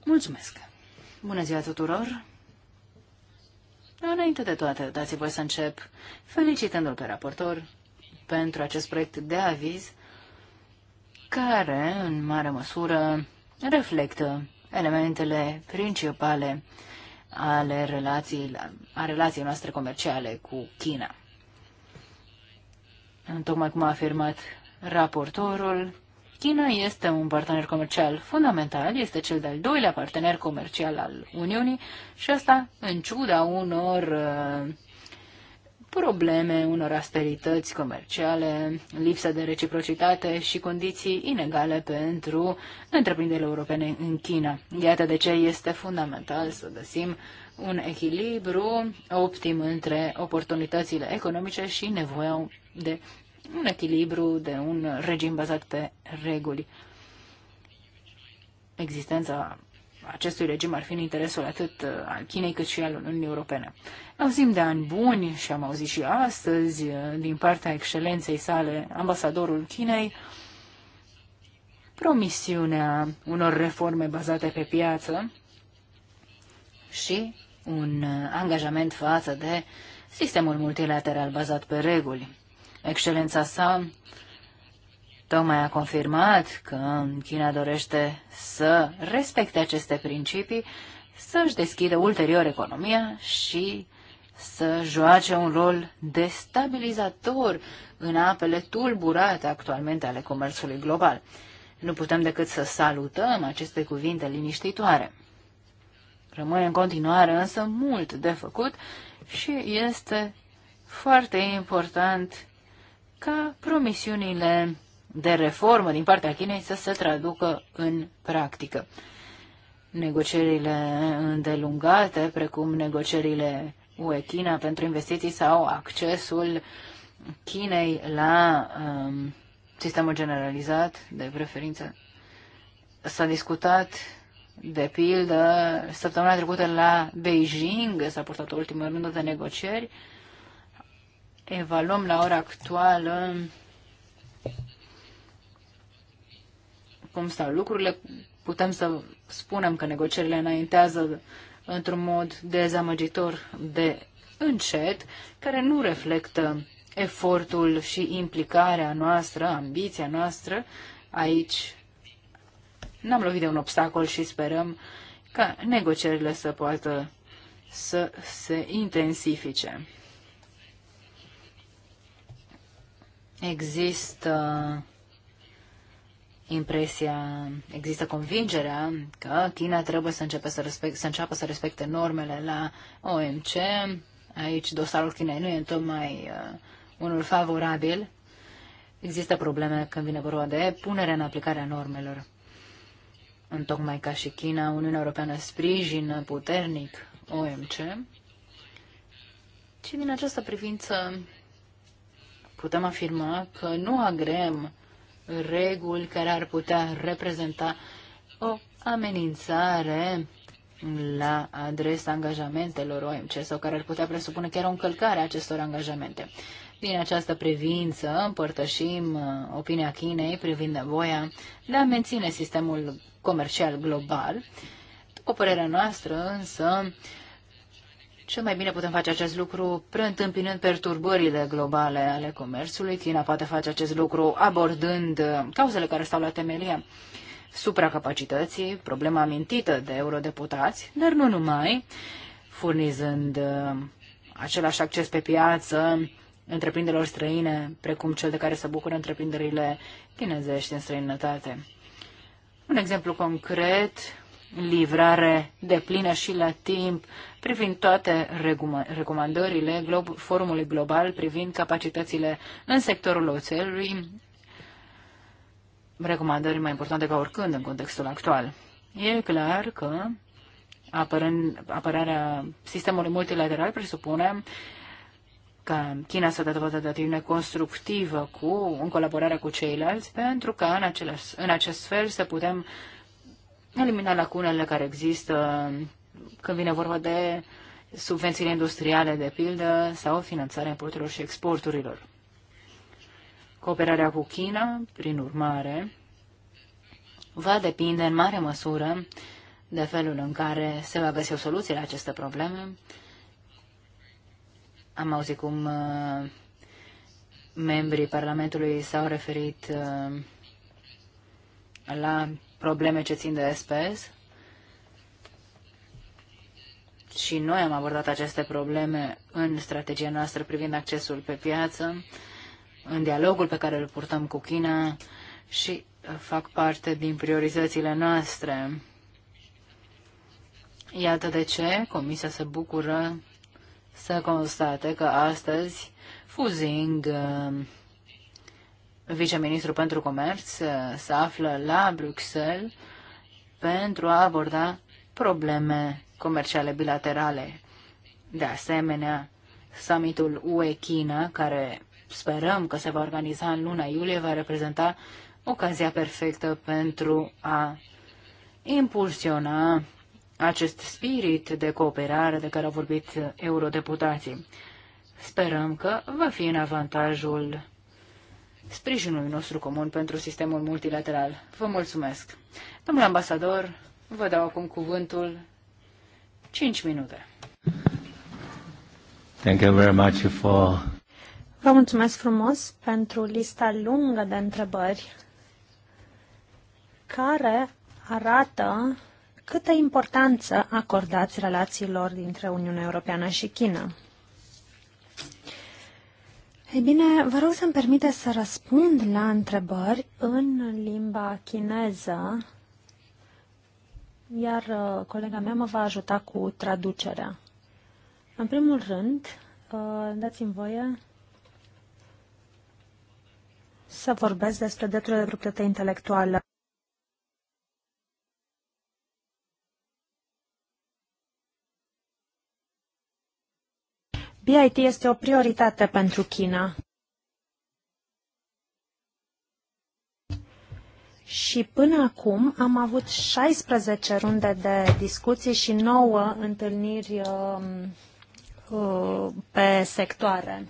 Mulțumesc! Bună ziua tuturor! Înainte de toate, dați voi să încep felicitându-l pe raportor pentru acest proiect de aviz care, în mare măsură, reflectă elementele principale ale relației, a relației noastre comerciale cu China. Tocmai cum a afirmat raportorul, China este un partener comercial fundamental, este cel de-al doilea partener comercial al Uniunii și asta în ciuda unor uh, probleme, unor asperități comerciale, lipsa de reciprocitate și condiții inegale pentru întreprinderile europene în China. Iată de ce este fundamental să găsim un echilibru optim între oportunitățile economice și nevoia de un echilibru de un regim bazat pe reguli. Existența acestui regim ar fi în interesul atât uh, al Chinei cât și al Uniunii Europene. Auzim de ani buni și am auzit și astăzi uh, din partea excelenței sale ambasadorul Chinei promisiunea unor reforme bazate pe piață și un uh, angajament față de sistemul multilateral bazat pe reguli. Excelența sa tocmai a confirmat că China dorește să respecte aceste principii, să-și deschidă ulterior economia și să joace un rol destabilizator în apele tulburate actualmente ale comerțului global. Nu putem decât să salutăm aceste cuvinte liniștitoare. Rămâne în continuare însă mult de făcut și este foarte important ca promisiunile de reformă din partea Chinei să se traducă în practică. Negocierile îndelungate, precum negocierile UE-China pentru investiții sau accesul Chinei la um, sistemul generalizat de preferință. S-a discutat, de pildă, săptămâna trecută la Beijing, s-a purtat o ultimă de negocieri, uh, evaluăm la ora actuală cum stau lucrurile, putem să spunem că negocierile înaintează într-un mod dezamăgitor de încet, care nu reflectă efortul și implicarea noastră, ambiția noastră. Aici n-am lovit de un obstacol și sperăm ca negocierile să poată să se intensifice. există impresia, există convingerea că China trebuie să, începe să, respect, să înceapă să respecte normele la OMC. Aici dosarul Chinei nu e tocmai uh, unul favorabil. Există probleme când vine vorba de punerea în aplicare a normelor. În tocmai ca și China, Uniunea Europeană sprijină puternic OMC. Și din această privință putem afirma că nu agrem reguli care ar putea reprezenta o amenințare la adresa angajamentelor OMC sau care ar putea presupune chiar o încălcare a acestor angajamente. Din această privință împărtășim uh, opinia Chinei privind nevoia de a menține sistemul comercial global. După părerea noastră, însă, cel mai bine putem face acest lucru preîntâmpinând perturbările globale ale comerțului. China poate face acest lucru abordând uh, cauzele care stau la temelia supracapacității, problema amintită de eurodeputați, dar nu numai, furnizând uh, același acces pe piață întreprinderilor străine, precum cel de care se bucură întreprinderile chinezești în străinătate. Un exemplu concret, livrare de plină și la timp privind toate recomandările forumului global privind capacitățile în sectorul oțelului, recomandări mai importante ca oricând în contextul actual. E clar că apărând, apărarea sistemului multilateral presupune ca China să dea de atitudine constructivă cu, în colaborare cu ceilalți, pentru că în, același, în acest fel să putem uh, elimina lacunele care există când vine vorba de subvențiile industriale, de pildă, sau finanțarea importurilor și exporturilor. Cooperarea cu China, prin urmare, va depinde în mare măsură de felul în care se va găsi o soluție la aceste probleme. Am auzit cum uh, membrii Parlamentului s-au referit uh, la probleme ce țin de SPS și noi am abordat aceste probleme în strategia noastră privind accesul pe piață, în dialogul pe care îl purtăm cu China și uh, fac parte din prioritățile noastre. Iată de ce Comisia se bucură să constate că astăzi Fuzing uh, viceministru pentru comerț uh, se află la Bruxelles pentru a aborda probleme comerciale bilaterale. De asemenea, summitul UE-China, care sperăm că se va organiza în luna iulie, va reprezenta ocazia perfectă pentru a impulsiona acest spirit de cooperare de care au vorbit eurodeputații. Sperăm că va fi în avantajul sprijinului nostru comun pentru sistemul multilateral. Vă mulțumesc. Domnule ambasador, vă dau acum cuvântul 5 minute. Thank you very much for... Vă mulțumesc frumos pentru lista lungă de întrebări care arată câtă importanță acordați relațiilor dintre Uniunea Europeană și China. Ei bine, vă rog să-mi permite să răspund la întrebări în limba chineză, iar uh, colega mea mă va ajuta cu traducerea. În primul rând, uh, dați-mi voie să vorbesc despre drepturile de proprietate intelectuală. BIT este o prioritate pentru China. Și până acum am avut 16 runde de discuții și 9 întâlniri um, uh, pe sectoare.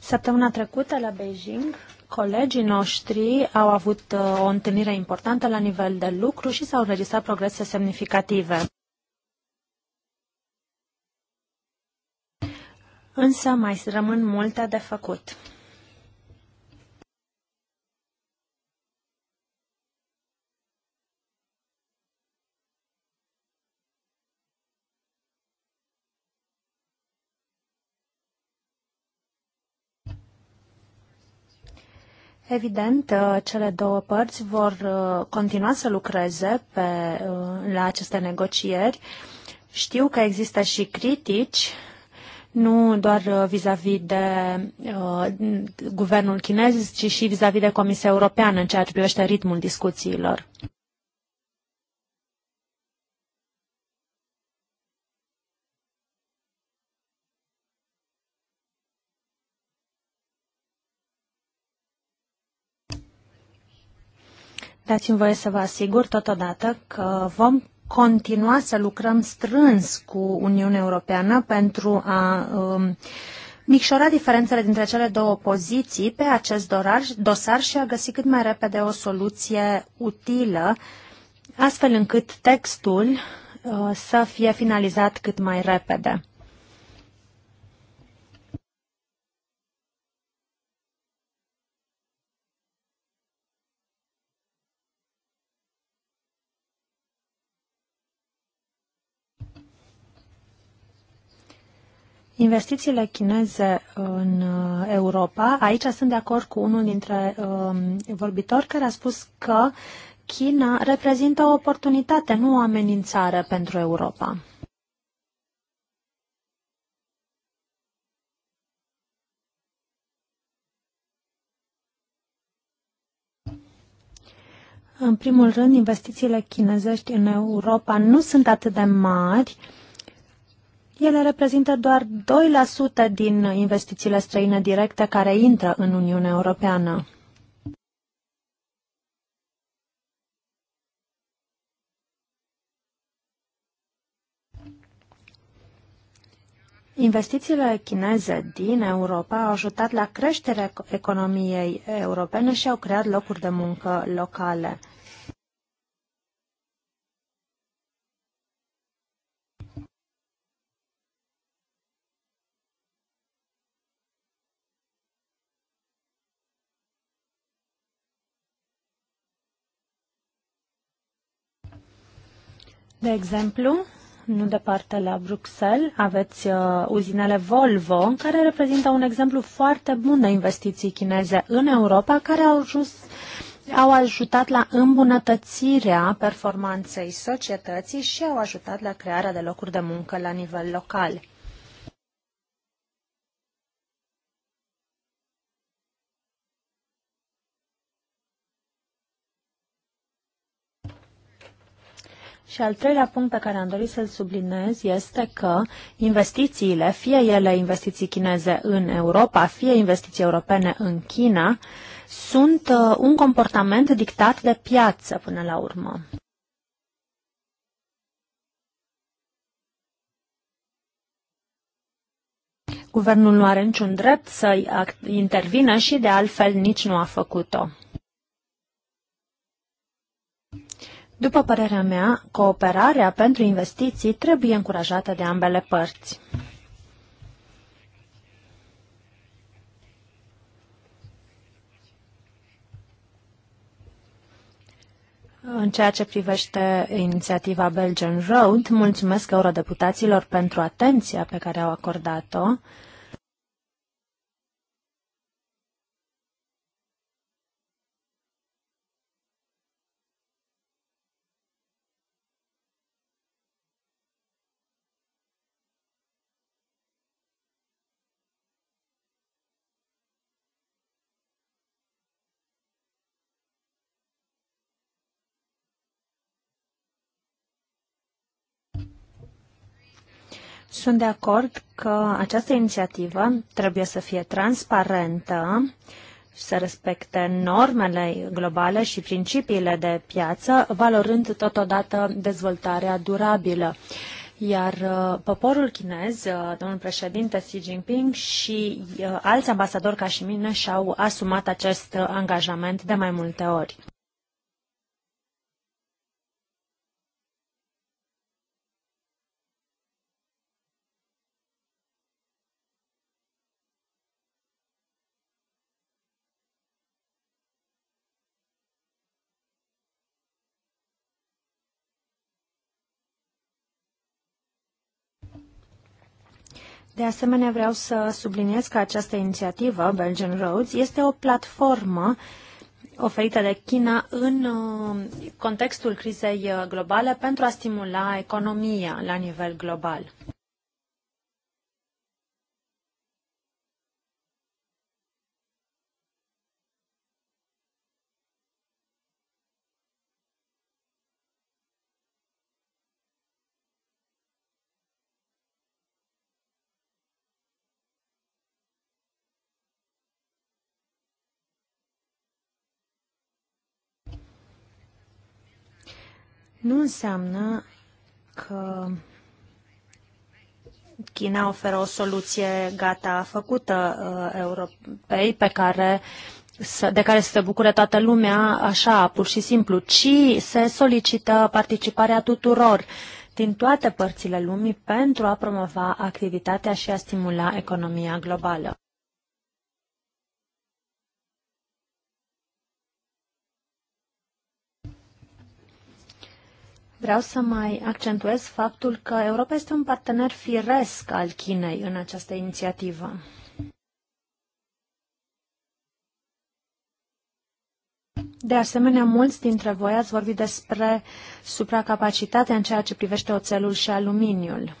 Săptămâna trecută la Beijing Colegii noștri au avut uh, o întâlnire importantă la nivel de lucru și s-au înregistrat progrese semnificative. Însă mai rămân multe de făcut. Evident, uh, cele două părți vor uh, continua să lucreze pe, uh, la aceste negocieri. Știu că există și critici, nu doar vis-a-vis -vis de uh, guvernul chinez, ci și vis-a-vis -vis de Comisia Europeană în ceea ce privește ritmul discuțiilor. Dați-mi voie să vă asigur totodată că vom continua să lucrăm strâns cu Uniunea Europeană pentru a um, micșora diferențele dintre cele două poziții pe acest dosar și a găsi cât mai repede o soluție utilă, astfel încât textul uh, să fie finalizat cât mai repede. Investițiile chineze în uh, Europa, aici sunt de acord cu unul dintre um, vorbitori care a spus că China reprezintă o oportunitate, nu o amenințare pentru Europa. În primul rând, investițiile chinezești în Europa nu sunt atât de mari uh, ele reprezintă doar 2% din investițiile străine directe care intră în Uniunea Europeană. Investițiile chineze din Europa au ajutat la creșterea economiei europene și au creat locuri de muncă locale. De exemplu, nu departe la Bruxelles, aveți uh, uzinele Volvo, care reprezintă un exemplu foarte bun de investiții chineze în Europa, care au ajuns au ajutat la îmbunătățirea performanței societății și au ajutat la crearea de locuri de muncă la nivel local. Și al treilea punct pe care am dorit să-l subliniez este că investițiile, fie ele investiții chineze în Europa, fie investiții europene în China, sunt uh, un comportament dictat de piață până la urmă. Guvernul nu are niciun drept să intervină și de altfel nici nu a făcut-o. După părerea mea, cooperarea pentru investiții trebuie încurajată de ambele părți. În ceea ce privește inițiativa Belgian Road, mulțumesc eurodeputaților pentru atenția pe care au acordat-o Sunt de acord că această inițiativă trebuie să fie transparentă și să respecte normele globale și principiile de piață, valorând totodată dezvoltarea durabilă. Iar uh, poporul chinez, uh, domnul președinte Xi Jinping și uh, alți ambasadori ca și mine și-au asumat acest angajament de mai multe ori. De asemenea, vreau să subliniez că această inițiativă, Belgian Roads, este o platformă oferită de China în uh, contextul crizei uh, globale pentru a stimula economia la nivel global. nu înseamnă că China oferă o soluție gata făcută uh, europei pe care de care să se bucure toată lumea, așa, pur și simplu, ci se solicită participarea tuturor din toate părțile lumii pentru a promova activitatea și a stimula economia globală. Vreau să mai accentuez faptul că Europa este un partener firesc al Chinei în această inițiativă. De asemenea, mulți dintre voi ați vorbit despre supracapacitatea în ceea ce privește oțelul și aluminiul.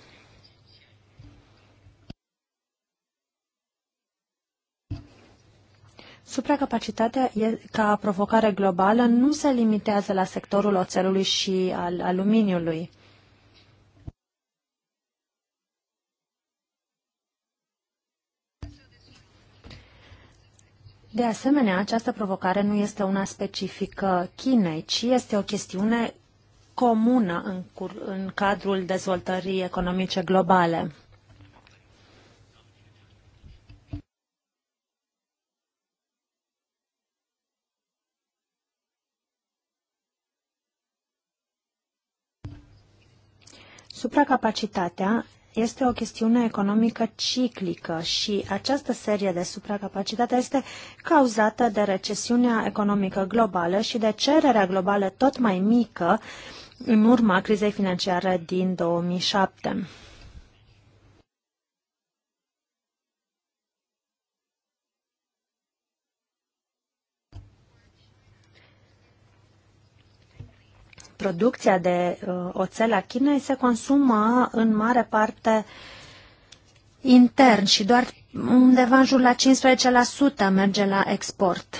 Supracapacitatea ca provocare globală nu se limitează la sectorul oțelului și al aluminiului. De asemenea, această provocare nu este una specifică Chinei, ci este o chestiune comună în, în cadrul dezvoltării economice globale. Supracapacitatea este o chestiune economică ciclică și această serie de supracapacitate este cauzată de recesiunea economică globală și de cererea globală tot mai mică în urma crizei financiare din 2007. producția de uh, oțel a Chinei se consumă în mare parte intern și doar undeva în jur la 15% merge la export.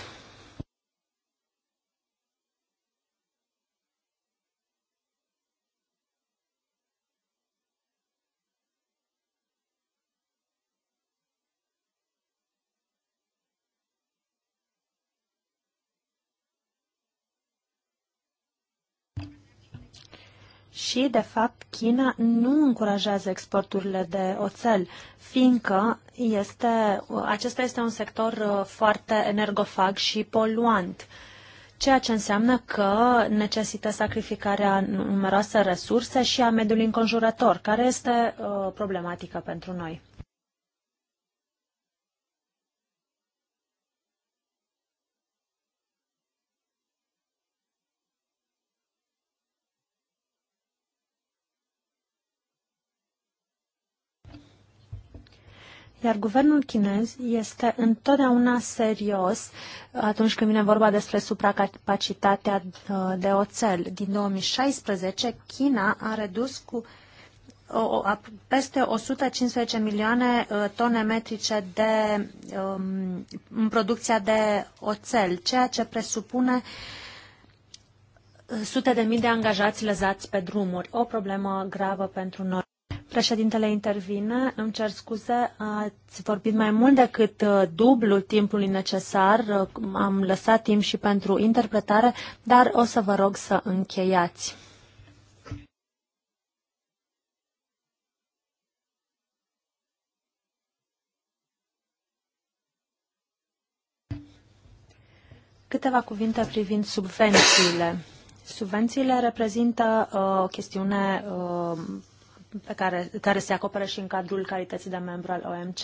și, de fapt, China nu încurajează exporturile de oțel, fiindcă este, acesta este un sector uh, foarte energofag și poluant ceea ce înseamnă că necesită sacrificarea numeroase resurse și a mediului înconjurător, care este uh, problematică pentru noi. iar guvernul chinez este întotdeauna serios atunci când vine vorba despre supracapacitatea uh, de oțel. Din 2016, China a redus cu peste 115 milioane uh, tone metrice de, um, în producția de oțel, ceea ce presupune uh, sute de mii de angajați lăzați pe drumuri, o problemă gravă pentru noi. Președintele intervine, îmi cer scuze, ați vorbit mai mult decât uh, dublu timpului necesar, uh, am lăsat timp și pentru interpretare, dar o să vă rog să încheiați. Câteva cuvinte privind subvențiile. Subvențiile reprezintă uh, o chestiune uh, pe care, care se acoperă și în cadrul calității de membru al OMC.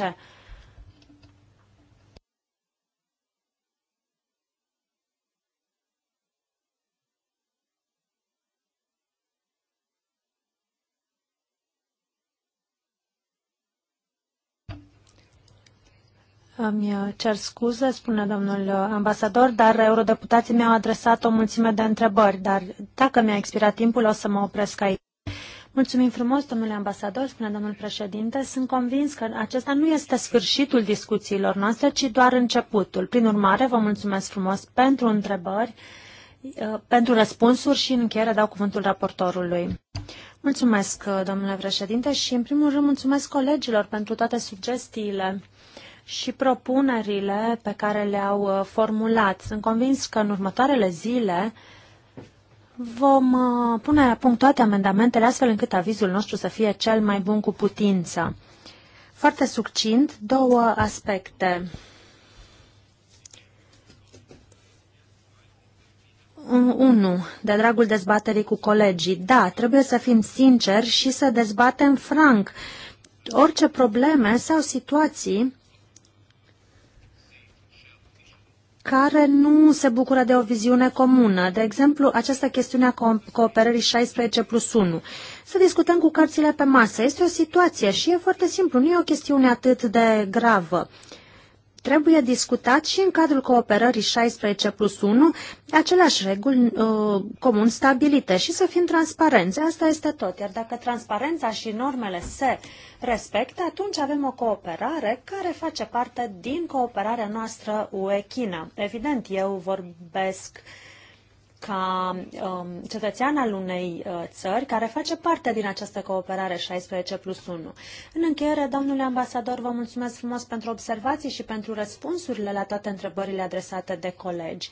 Îmi cer scuze, spune domnul ambasador, dar eurodeputații mi-au adresat o mulțime de întrebări, dar dacă mi-a expirat timpul, o să mă opresc aici. Mulțumim frumos, domnule ambasador, spune domnul președinte. Sunt convins că acesta nu este sfârșitul discuțiilor noastre, ci doar începutul. Prin urmare, vă mulțumesc frumos pentru întrebări, uh, pentru răspunsuri și în încheiere dau cuvântul raportorului. Mulțumesc, uh, domnule președinte, și în primul rând mulțumesc colegilor pentru toate sugestiile și propunerile pe care le-au uh, formulat. Sunt convins că în următoarele zile vom uh, pune la punct toate amendamentele astfel încât avizul nostru să fie cel mai bun cu putință. Foarte succint, două aspecte. Unu, De dragul dezbaterii cu colegii. Da, trebuie să fim sinceri și să dezbatem franc orice probleme sau situații care nu se bucură de o viziune comună. De exemplu, această chestiune a cooperării 16 plus 1. Să discutăm cu cărțile pe masă. Este o situație și e foarte simplu, nu e o chestiune atât de gravă trebuie discutat și în cadrul cooperării 16 plus 1 aceleași reguli uh, comun stabilite și să fim transparenți. Asta este tot. Iar dacă transparența și normele se respecte, atunci avem o cooperare care face parte din cooperarea noastră UE-China. Evident, eu vorbesc ca um, cetățean al unei uh, țări care face parte din această cooperare 16 plus 1. În încheiere, domnule ambasador, vă mulțumesc frumos pentru observații și pentru răspunsurile la toate întrebările adresate de colegi.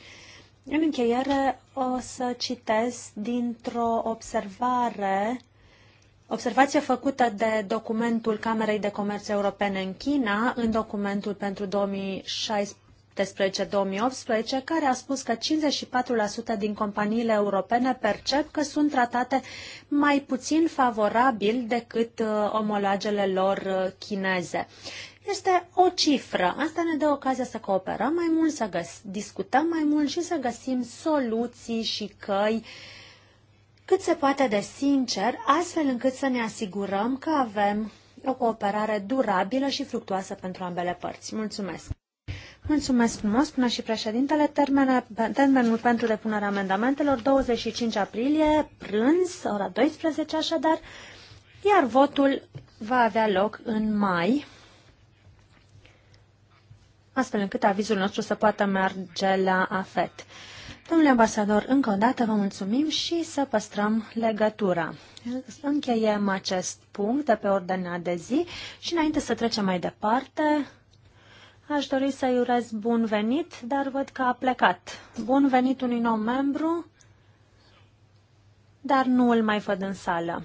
În încheiere, o să citesc dintr-o observare Observația făcută de documentul Camerei de Comerț Europene în China în documentul pentru 2016 2018, care a spus că 54% din companiile europene percep că sunt tratate mai puțin favorabil decât uh, omologele lor uh, chineze. Este o cifră. Asta ne dă ocazia să cooperăm mai mult, să discutăm mai mult și să găsim soluții și căi uh, cât se poate de sincer, astfel încât să ne asigurăm că avem o cooperare durabilă și fructuoasă pentru ambele părți. Mulțumesc! Mulțumesc frumos, până și președintele. Termenul, termenul pentru depunerea amendamentelor 25 aprilie, prânz, ora 12 așadar, iar votul va avea loc în mai, astfel încât avizul nostru să poată merge la AFET. Domnule ambasador, încă o dată vă mulțumim și să păstrăm legătura. Încheiem acest punct de pe ordinea de zi și înainte să trecem mai departe, aș dori să-i urez bun venit, dar văd că a plecat. Bun venit unui nou membru, dar nu îl mai văd în sală.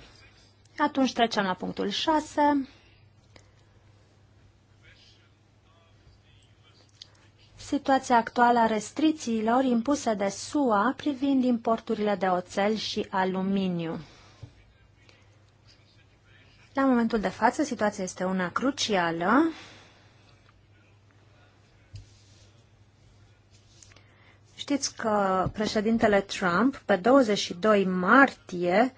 Atunci trecem la punctul 6. situația actuală a restricțiilor impuse de SUA privind importurile de oțel și aluminiu. La momentul de față, situația este una crucială. Știți că președintele Trump, pe 22 martie,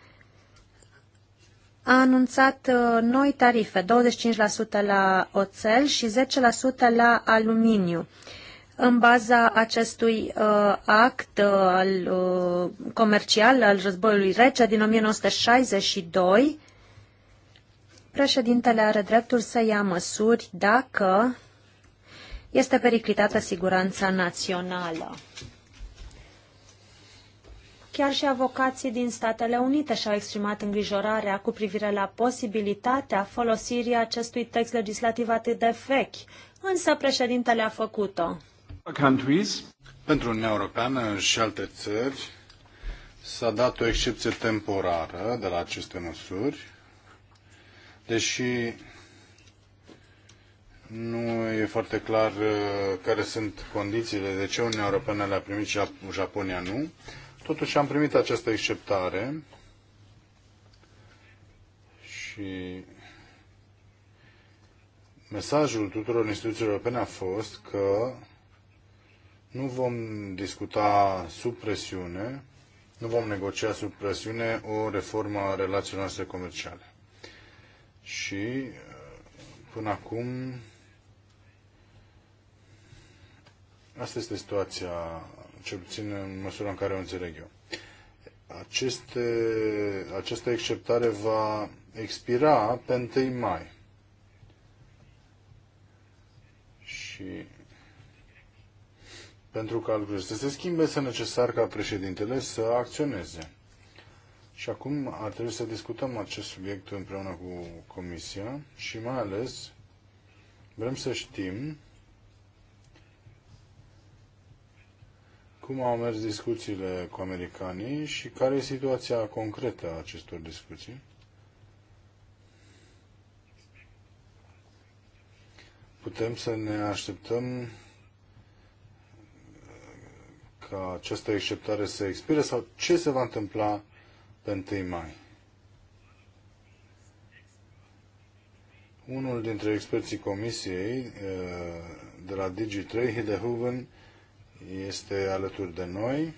a anunțat uh, noi tarife, 25% la oțel și 10% la aluminiu. În baza acestui uh, act uh, al, uh, comercial al războiului rece din 1962, președintele are dreptul să ia măsuri dacă este periclitată siguranța națională. Chiar și avocații din Statele Unite și-au exprimat îngrijorarea cu privire la posibilitatea folosirii acestui text legislativ atât de vechi, însă președintele a făcut-o. Pentru Uniunea Europeană și alte țări s-a dat o excepție temporară de la aceste măsuri, deși nu e foarte clar uh, care sunt condițiile, de ce Uniunea Europeană le-a primit și Japonia nu. Totuși am primit această exceptare și mesajul tuturor instituțiilor europene a fost că nu vom discuta sub presiune, nu vom negocia sub presiune o reformă a relațiilor noastre comerciale. Și uh, până acum asta este situația, cel puțin în măsura în care o înțeleg eu. Aceste, această acceptare va expira pe 1 mai. Și pentru ca lucrurile să se schimbe, este necesar ca președintele să acționeze. Și acum ar trebui să discutăm acest subiect împreună cu Comisia și mai ales vrem să știm cum au mers discuțiile cu americanii și care e situația concretă a acestor discuții. Putem să ne așteptăm ca această exceptare să expire sau ce se va întâmpla pe 1 mai? Unul dintre experții comisiei eh, de la Digi3, Hidehoven, este alături de noi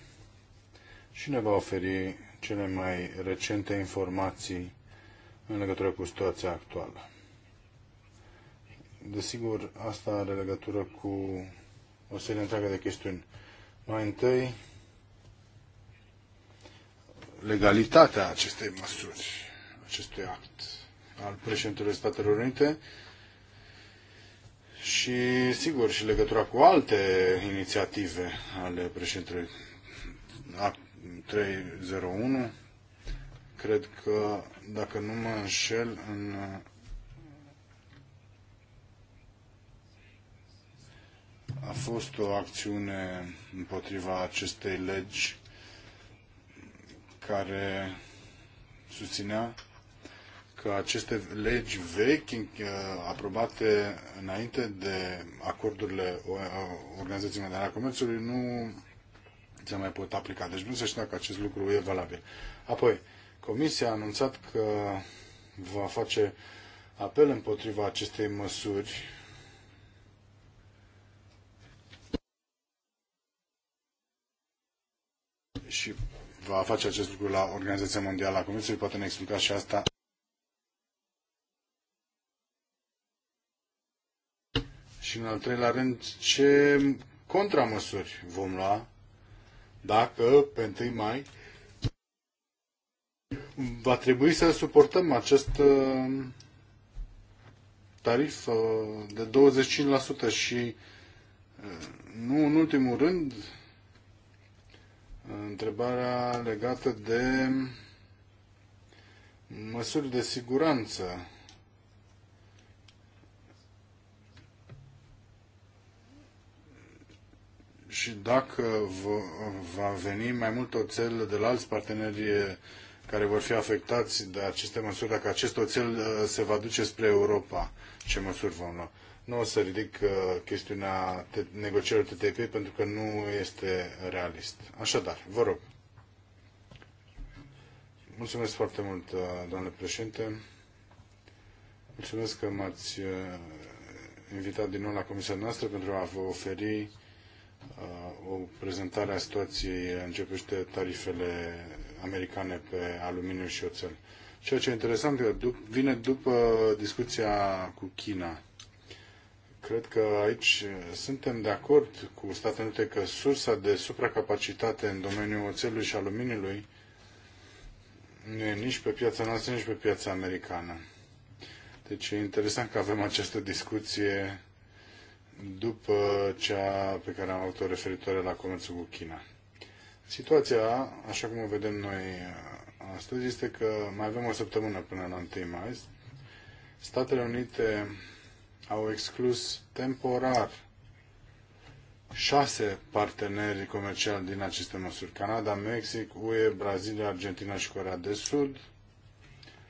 și ne va oferi cele mai recente informații în legătură cu situația actuală. Desigur, asta are legătură cu o serie întreagă de chestiuni. Mai întâi, legalitatea acestei măsuri, acestui act al președintelui Statelor Unite și, sigur, și legătura cu alte inițiative ale președintelui Act 301. Cred că, dacă nu mă înșel, în a fost o acțiune împotriva acestei legi care susținea că aceste legi vechi uh, aprobate înainte de acordurile uh, Organizației Mondiale a Comerțului nu se mai pot aplica. Deci nu se știa că acest lucru e valabil. Apoi, Comisia a anunțat că va face apel împotriva acestei măsuri și va face acest lucru la Organizația Mondială a Comerțului. Poate ne explica și asta. Și în al treilea rând, ce contramăsuri vom lua dacă pe 1 mai va trebui să suportăm acest uh, tarif uh, de 25% și uh, nu în ultimul rând întrebarea legată de măsuri de siguranță. Și dacă va veni mai mult oțel de la alți parteneri care vor fi afectați de aceste măsuri, dacă acest oțel uh, se va duce spre Europa, ce măsuri vom lua? Nu o să ridic uh, chestiunea negocierilor TTP pentru că nu este realist. Așadar, vă rog. Mulțumesc foarte mult, uh, doamne președinte. Mulțumesc că m-ați invitat din nou la comisia noastră pentru a vă oferi o prezentare a situației în ce privește tarifele americane pe aluminiu și oțel. Ceea ce e interesant că vine după discuția cu China. Cred că aici eh, suntem de acord cu Statele Unite că sursa de supracapacitate în domeniul oțelului și aluminiului nu e nici pe piața noastră, nici pe piața americană. Deci e interesant că avem această discuție după cea pe care am avut-o referitoare la comerțul cu China. Situația, așa cum o vedem noi uh, astăzi, este că mai avem o săptămână până la 1 mai. Statele Unite au exclus temporar șase parteneri comerciali din aceste măsuri. Canada, Mexic, UE, Brazilia, Argentina și Corea de Sud.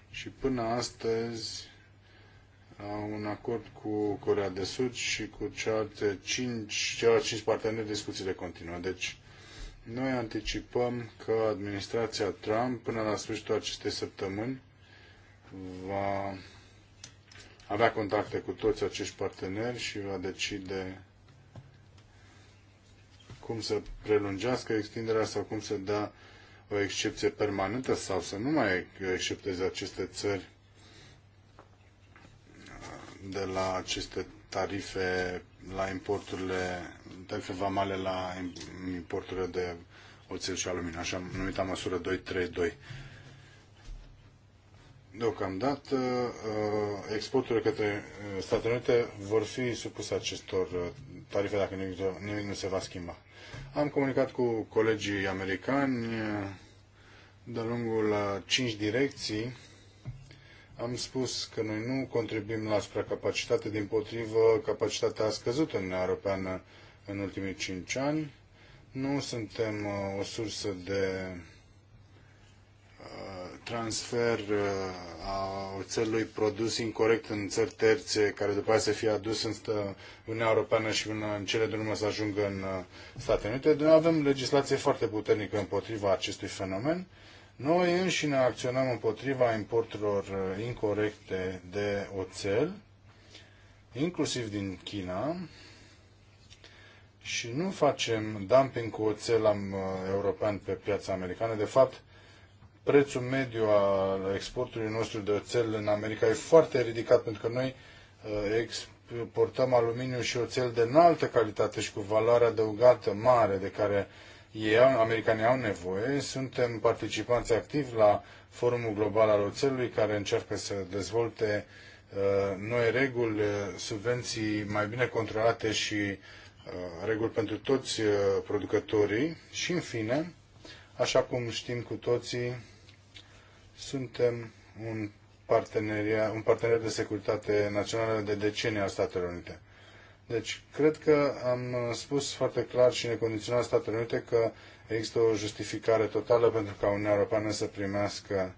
Și până astăzi au un acord cu Corea de Sud și cu cealaltă cinci, cealaltă cinci parteneri discuțiile continuă. Deci noi anticipăm că administrația Trump până la sfârșitul acestei săptămâni va avea contacte cu toți acești parteneri și va decide cum să prelungească extinderea sau cum să dea o excepție permanentă sau să nu mai excepteze aceste țări de la aceste tarife la importurile, taxe vamale la importurile de oțel și aluminiu, așa numita măsură 232. Deocamdată, uh, exporturile către uh, Statele Unite vor fi supuse acestor uh, tarife dacă nimic nu se va schimba. Am comunicat cu colegii americani de-a lungul cinci direcții am spus că noi nu contribuim la supracapacitate, din potrivă, capacitatea a scăzut în Uniunea Europeană în ultimii cinci ani. Nu suntem uh, o sursă de uh, transfer uh, a oțelului produs incorrect în țări terțe, care după aceea să fie adus în Uniunea Europeană și în, în cele din urmă să ajungă în Statele Unite. Noi avem legislație foarte puternică împotriva acestui fenomen noi înșine acționăm împotriva importurilor uh, incorrecte de oțel, inclusiv din China, și nu facem dumping cu oțel uh, european pe piața americană. De fapt, prețul mediu al exportului nostru de oțel în America e foarte ridicat pentru că noi uh, exportăm aluminiu și oțel de înaltă calitate și cu valoare adăugată mare de care ei, americanii au nevoie, suntem participanți activi la Forumul Global al Oțelului, care încearcă să dezvolte uh, noi reguli, uh, subvenții mai bine controlate și uh, reguli pentru toți producătorii și, în fine, așa cum știm cu toții, suntem un, un partener de securitate națională de decenii al Statelor Unite. Deci, cred că am uh, spus foarte clar și necondiționat Statele Unite că există o justificare totală pentru ca Uniunea Europeană să primească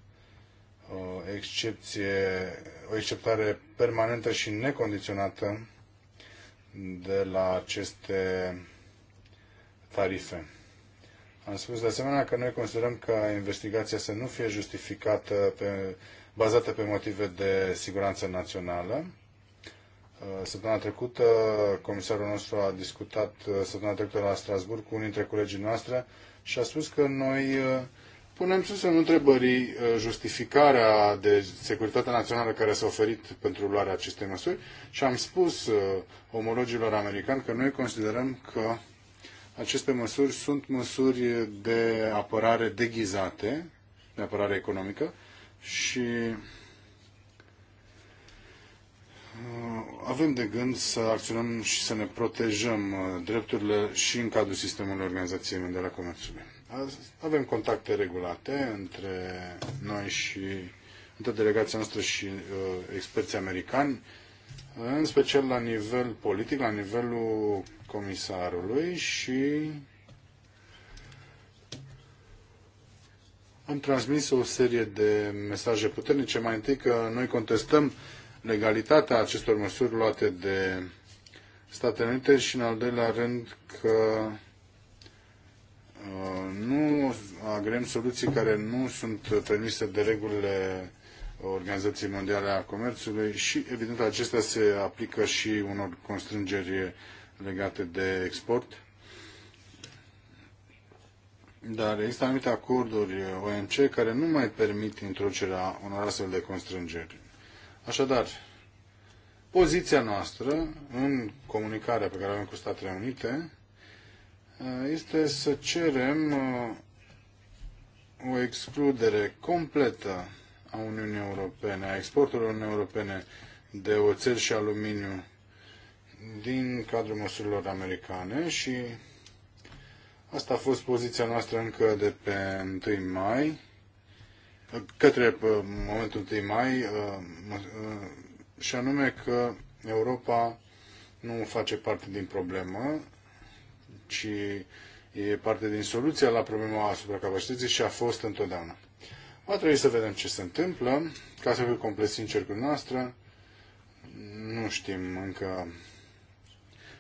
o uh, excepție, o acceptare permanentă și necondiționată de la aceste tarife. Am spus de asemenea că noi considerăm că investigația să nu fie justificată pe, bazată pe motive de siguranță națională Uh, săptămâna trecută, comisarul nostru a discutat uh, săptămâna trecută la Strasburg cu unii dintre colegii noastre și a spus că noi uh, punem sus în întrebării justificarea de securitate națională care s-a oferit pentru luarea acestei măsuri și am spus omologilor americani că noi considerăm că aceste măsuri sunt măsuri de apărare deghizate, de apărare economică și Uh, avem de gând să acționăm și să ne protejăm uh, drepturile și în cadrul sistemului Organizației Mondiale a Comerțului. Avem contacte regulate între noi și între delegația noastră și uh, experții americani, în special la nivel politic, la nivelul comisarului și am transmis o serie de mesaje puternice. Mai întâi că noi contestăm uh, legalitatea acestor măsuri luate de Statele Unite și, în al doilea rând, că uh, nu agrem soluții care nu sunt permise de regulile Organizației Mondiale a Comerțului și, evident, acestea se aplică și unor constrângeri legate de export. Dar există anumite acorduri OMC care nu mai permit introducerea unor astfel de constrângeri. Așadar, poziția noastră în comunicarea pe care avem cu Statele Unite uh, este să cerem uh, o excludere completă a Uniunii Europene, a exporturilor Uniunii Europene de oțel și aluminiu din cadrul măsurilor americane și asta a fost poziția noastră încă de pe 1 mai către uh, momentul 1 mai, uh, uh, și anume că Europa nu face parte din problemă, ci e parte din soluția la problema asupra capacității și a fost întotdeauna. Va trebui să vedem ce se întâmplă. Ca să fiu complet sincer cu noastră, nu știm încă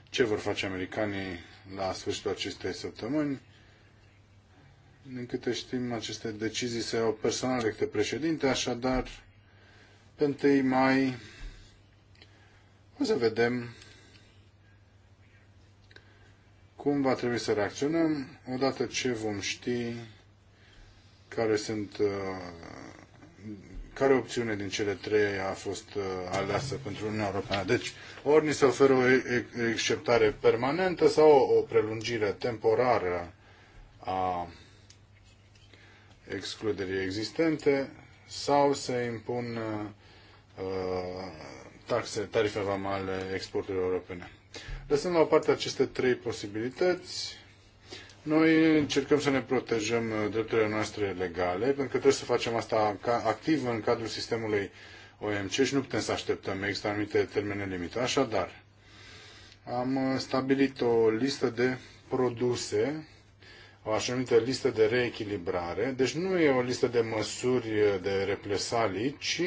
ce vor face americanii la sfârșitul acestei săptămâni. Din câte știm, aceste decizii se iau personal de către președinte, așadar, pe 1 mai o să vedem cum va trebui să reacționăm odată ce vom ști care sunt uh, care opțiune din cele trei a fost uh, aleasă pentru Uniunea Europeană. Deci, ori ni se oferă o acceptare permanentă sau o prelungire temporară a excluderii existente sau se impun uh, taxe, tarife vamale exporturilor europene. Lăsând la o parte aceste trei posibilități, noi încercăm să ne protejăm uh, drepturile noastre legale, pentru că trebuie să facem asta activ în cadrul sistemului OMC și nu putem să așteptăm, există anumite termene limite. Așadar, am uh, stabilit o listă de produse o așa numită listă de reechilibrare. Deci nu e o listă de măsuri de represalii, ci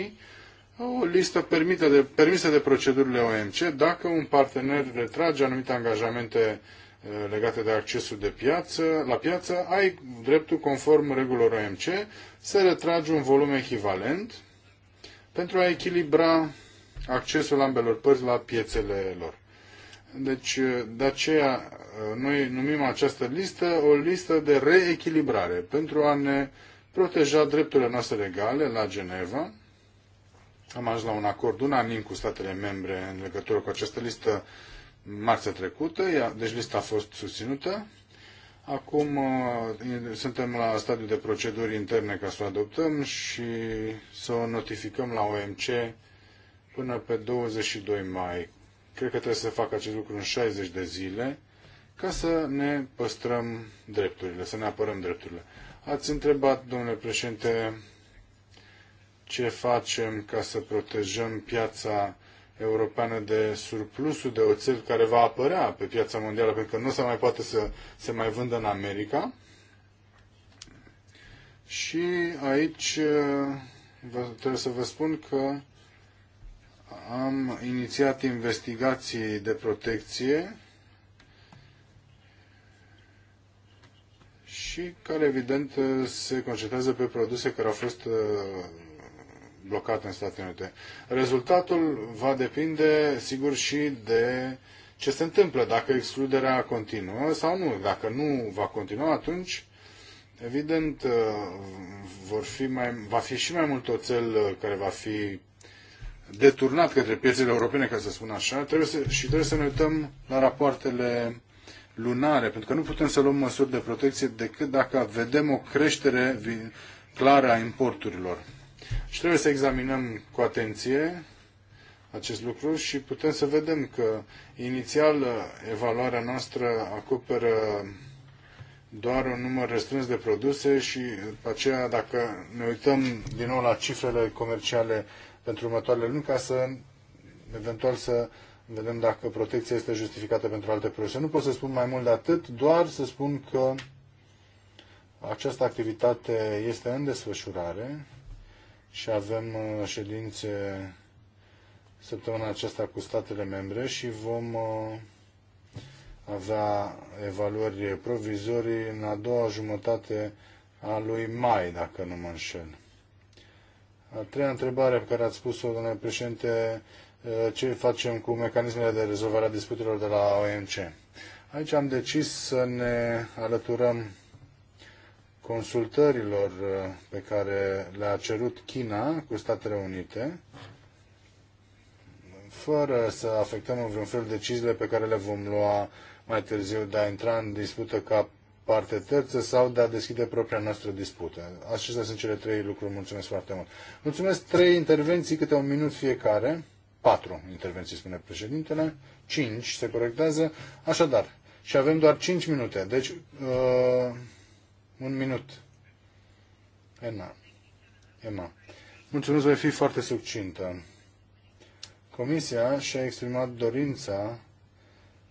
o listă permisă de, permisă de procedurile OMC dacă un partener retrage anumite angajamente uh, legate de accesul de piață, la piață, ai dreptul, conform regulilor OMC, să retragi un volum echivalent pentru a echilibra accesul ambelor părți la piețele lor. Deci, de aceea, noi numim această listă o listă de reechilibrare pentru a ne proteja drepturile noastre legale la Geneva. Am ajuns la un acord unanim cu statele membre în legătură cu această listă marțea trecută, deci lista a fost susținută. Acum uh, suntem la stadiul de proceduri interne ca să o adoptăm și să o notificăm la OMC până pe 22 mai. Cred că trebuie să facă acest lucru în 60 de zile ca să ne păstrăm drepturile, să ne apărăm drepturile. Ați întrebat, domnule președinte, ce facem ca să protejăm piața europeană de surplusul de oțel care va apărea pe piața mondială, pentru că nu se mai poate să se mai vândă în America. Și aici uh, trebuie să vă spun că am inițiat investigații de protecție și care, evident, uh, se concentrează pe produse care au fost uh, blocate în Statele Unite. Rezultatul va depinde, sigur, și de ce se întâmplă, dacă excluderea continuă sau nu. Dacă nu va continua, atunci, evident, uh, vor fi mai, va fi și mai mult oțel care va fi deturnat către piețele europene, ca să spun așa, trebuie să, și trebuie să ne uităm la rapoartele lunare, pentru că nu putem să luăm măsuri de protecție decât dacă vedem o creștere clară a importurilor. Și trebuie să examinăm cu atenție acest lucru și putem să vedem că inițial uh, evaluarea noastră acoperă doar un număr restrâns de produse și după uh, aceea dacă ne uităm din nou la cifrele comerciale pentru următoarele luni ca să eventual să vedem dacă protecția este justificată pentru alte produse. Nu pot să spun mai mult de atât, doar să spun că această activitate este în desfășurare și avem uh, ședințe săptămâna aceasta cu statele membre și vom uh, avea evaluări provizorii în a doua jumătate a lui mai, dacă nu mă înșel. A treia întrebare pe care ați spus-o, domnule președinte, Eh, ce facem cu mecanismele de rezolvare a disputelor de la OMC. Aici am decis să ne alăturăm consultărilor eh, pe care le-a cerut China cu Statele Unite, fără să afectăm în vreun fel deciziile pe care le vom lua mai târziu de a intra în dispută ca parte terță sau de a deschide propria noastră dispută. Acestea sunt cele trei lucruri. Mulțumesc foarte mult. Mulțumesc trei intervenții, câte un minut fiecare patru intervenții, spune președintele. cinci se corectează. Așadar, și avem doar cinci minute. Deci, uh, un minut. Emma. Emma. Mulțumesc, voi fi foarte succintă. Comisia și-a exprimat dorința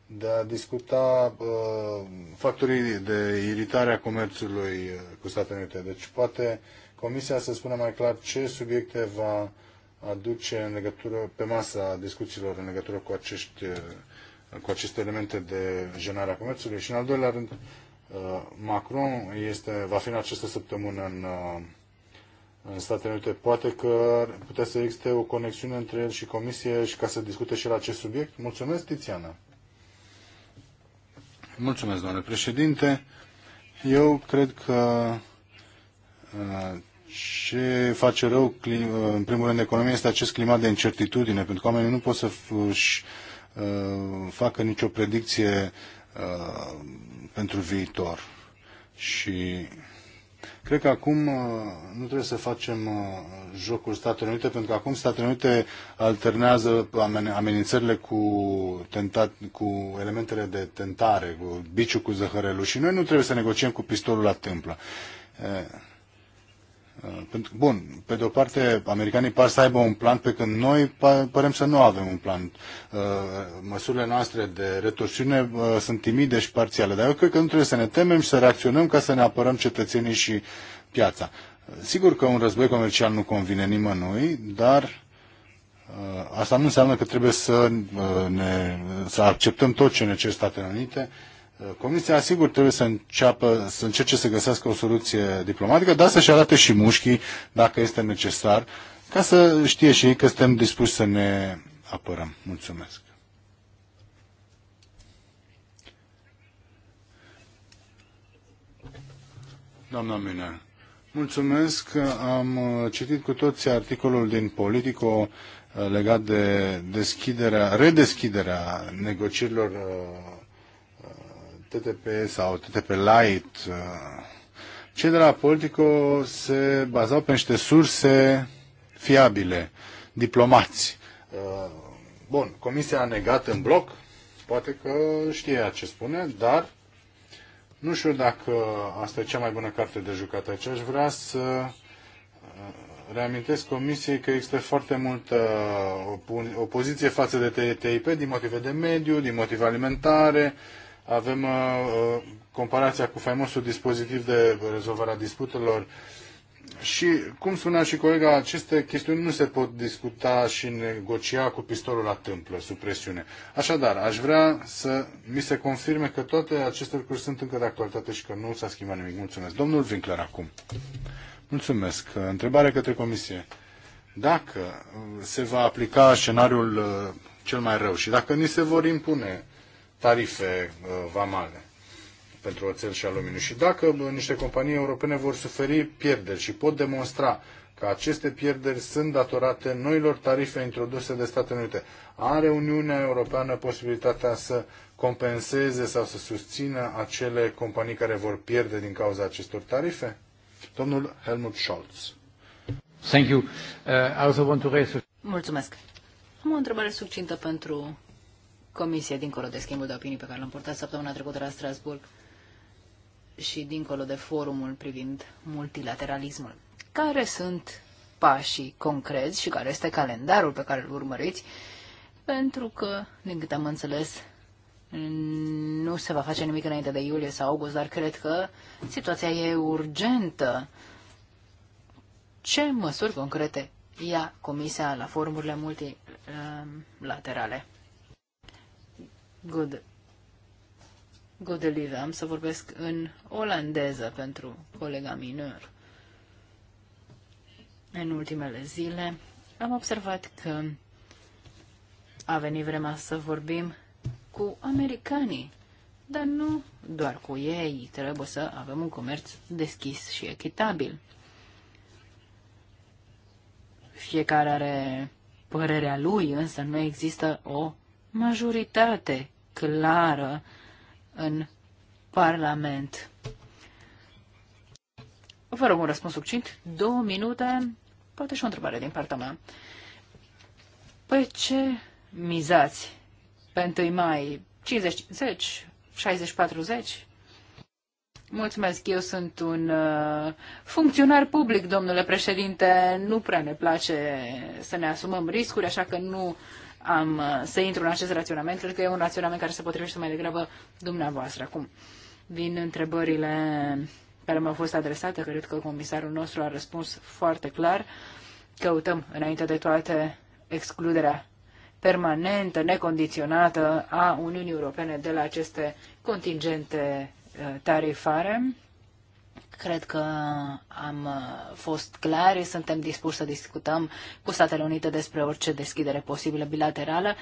de a discuta uh, factorii de iritare a comerțului uh, cu Statele Unite. Deci poate Comisia să spună mai clar ce subiecte va aduce în legătură, pe masa discuțiilor în legătură cu, acești, uh, cu aceste elemente de jenare a comerțului. Și în al doilea rând, uh, Macron este, va fi în această săptămână în, uh, în Statele Unite. Poate că putea să existe o conexiune între el și Comisie și ca să discute și la acest subiect. Mulțumesc, Tiziana! Mulțumesc, doamne președinte! Eu cred că ce face rău, în primul rând, economia este acest climat de incertitudine, pentru că oamenii nu pot să își uh, facă nicio predicție uh, pentru viitor. Și cred că acum uh, nu trebuie să facem jocul Statelor Unite, pentru că acum Statele Unite alternează amenințările cu, tentat, cu elementele de tentare, cu biciul cu zăhărelul și noi nu trebuie să negociem cu pistolul la tâmplă. Uh, bun, pe de o parte, americanii par să aibă un plan, pe când noi părem să nu avem un plan. Uh, măsurile noastre de retorsiune uh, sunt timide și parțiale, dar eu cred că nu trebuie să ne temem și să reacționăm ca să ne apărăm cetățenii și piața. Sigur că un război comercial nu convine nimănui, dar asta nu înseamnă că trebuie să, ne, să acceptăm tot ce ne cer Statele Unite Uh, Comisia, sigur, trebuie să, înceapă, să încerce să găsească o soluție diplomatică, dar să-și arate și mușchii, dacă este necesar, ca să știe și ei că suntem dispuși să ne apărăm. Mulțumesc. Doamna Miner, mulțumesc. Am uh, citit cu toții articolul din Politico uh, legat de deschiderea, redeschiderea negocierilor TTP sau TTP Light. Uh, cei de la Politico se bazau pe niște surse fiabile, diplomați. Uh, bun, comisia a negat în bloc, poate că știe ce spune, dar nu știu dacă asta e cea mai bună carte de jucat aici. Aș vrea să uh, reamintesc Comisiei că există foarte multă opoziție față de TTIP din motive de mediu, din motive alimentare, avem uh, uh, comparația cu faimosul dispozitiv de rezolvare a disputelor și, cum spunea și colega, aceste chestiuni nu se pot discuta și negocia cu pistolul la tâmplă, sub presiune. Așadar, aș vrea să mi se confirme că toate aceste lucruri sunt încă de actualitate și că nu s-a schimbat nimic. Mulțumesc. Domnul Winkler acum. Mulțumesc. Întrebare către Comisie. Dacă se va aplica scenariul uh, cel mai rău și dacă ni se vor impune tarife uh, vamale pentru oțel și aluminiu. Și dacă uh, niște companii europene vor suferi pierderi și pot demonstra că aceste pierderi sunt datorate noilor tarife introduse de Statele Unite, are Uniunea Europeană posibilitatea să compenseze sau să susțină acele companii care vor pierde din cauza acestor tarife? Domnul Helmut Scholz. Thank you. Uh, I also want to raise... Mulțumesc. Am o întrebare succintă pentru Comisie, dincolo de schimbul de opinii pe care l-am purtat săptămâna trecută la Strasburg și dincolo de forumul privind multilateralismul. Care sunt pașii concreți și care este calendarul pe care îl urmăriți? Pentru că, din câte am înțeles, nu se va face nimic înainte de iulie sau august, dar cred că situația e urgentă. Ce măsuri concrete ia Comisia la forumurile multilaterale? Good. live. Am să vorbesc în olandeză pentru colega minor. În ultimele zile am observat că a venit vremea să vorbim cu americanii, dar nu doar cu ei. Trebuie să avem un comerț deschis și echitabil. Fiecare are părerea lui, însă nu există o majoritate clară în Parlament. Vă rog un răspuns succint, două minute, poate și o întrebare din partea mea. Pe păi ce mizați pe 1 mai? 50-50? 60-40? Mulțumesc, eu sunt un uh, funcționar public, domnule președinte. Nu prea ne place să ne asumăm riscuri, așa că nu am uh, să intru în acest raționament. Cred că e un raționament care se potrivește mai degrabă dumneavoastră. Acum, din întrebările care mi-au fost adresate, cred că comisarul nostru a răspuns foarte clar. Căutăm, înainte de toate, excluderea permanentă, necondiționată a Uniunii Europene de la aceste contingente uh, tarifare. Cred că am uh, fost clari, suntem dispuși să discutăm cu Statele Unite despre orice deschidere posibilă bilaterală.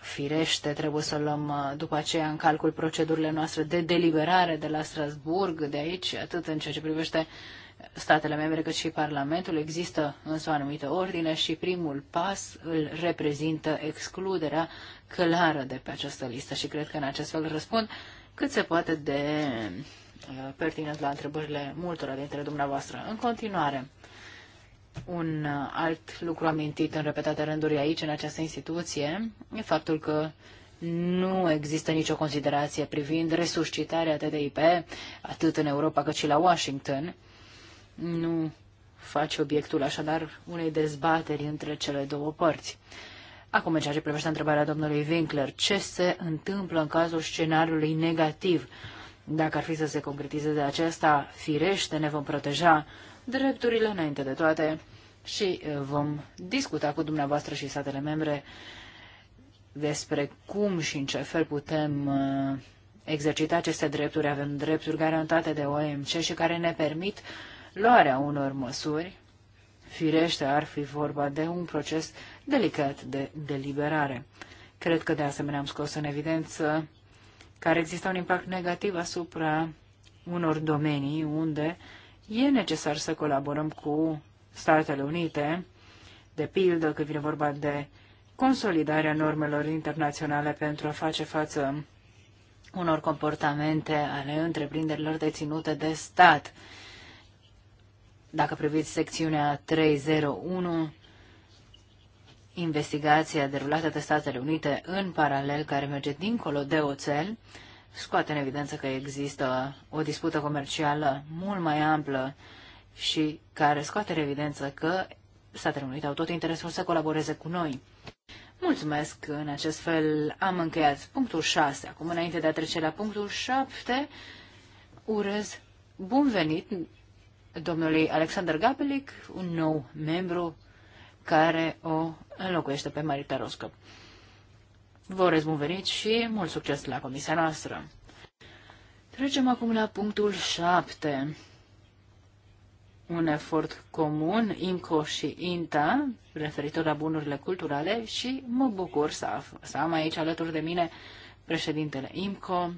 Firește, trebuie să luăm uh, după aceea în calcul procedurile noastre de deliberare de la Strasburg, de aici, atât în ceea ce privește statele membre cât și Parlamentul. Există însă o anumită ordine și primul pas îl reprezintă excluderea clară de pe această listă și cred că în acest fel răspund cât se poate de Uh, pertinent la întrebările multora dintre dumneavoastră. În continuare, un uh, alt lucru amintit în repetate rânduri aici, în această instituție, e faptul că nu există nicio considerație privind resuscitarea TTIP, atât în Europa cât și la Washington. Nu face obiectul așadar unei dezbateri între cele două părți. Acum, în ceea ce privește întrebarea domnului Winkler, ce se întâmplă în cazul scenariului negativ? Dacă ar fi să se concretizeze aceasta, firește, ne vom proteja drepturile înainte de toate și uh, vom discuta cu dumneavoastră și statele membre despre cum și în ce fel putem uh, exercita aceste drepturi. Avem drepturi garantate de OMC și care ne permit luarea unor măsuri. Firește, ar fi vorba de un proces delicat de deliberare. Cred că de asemenea am scos în evidență care există un impact negativ asupra unor domenii unde e necesar să colaborăm cu Statele Unite, de pildă când vine vorba de consolidarea normelor internaționale pentru a face față unor comportamente ale întreprinderilor deținute de stat. Dacă priviți secțiunea 301, investigația derulată de Statele Unite în paralel, care merge dincolo de oțel, scoate în evidență că există o dispută comercială mult mai amplă și care scoate în evidență că Statele Unite au tot interesul să colaboreze cu noi. Mulțumesc, în acest fel am încheiat punctul 6. Acum, înainte de a trece la punctul 7, urez bun venit domnului Alexander Gabelic, un nou membru care o înlocuiește pe Marita Roscă. Vă urez bun venit și mult succes la comisia noastră. Trecem acum la punctul 7. Un efort comun, INCO și INTA, referitor la bunurile culturale și mă bucur să, af- să am aici alături de mine președintele IMCO.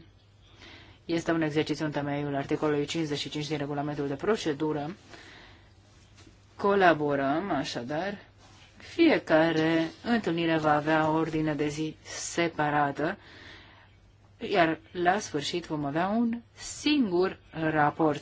Este un exercițiu în temeiul articolului 55 din regulamentul de procedură. Colaborăm, așadar, fiecare întâlnire va avea o ordine de zi separată, iar la sfârșit vom avea un singur raport.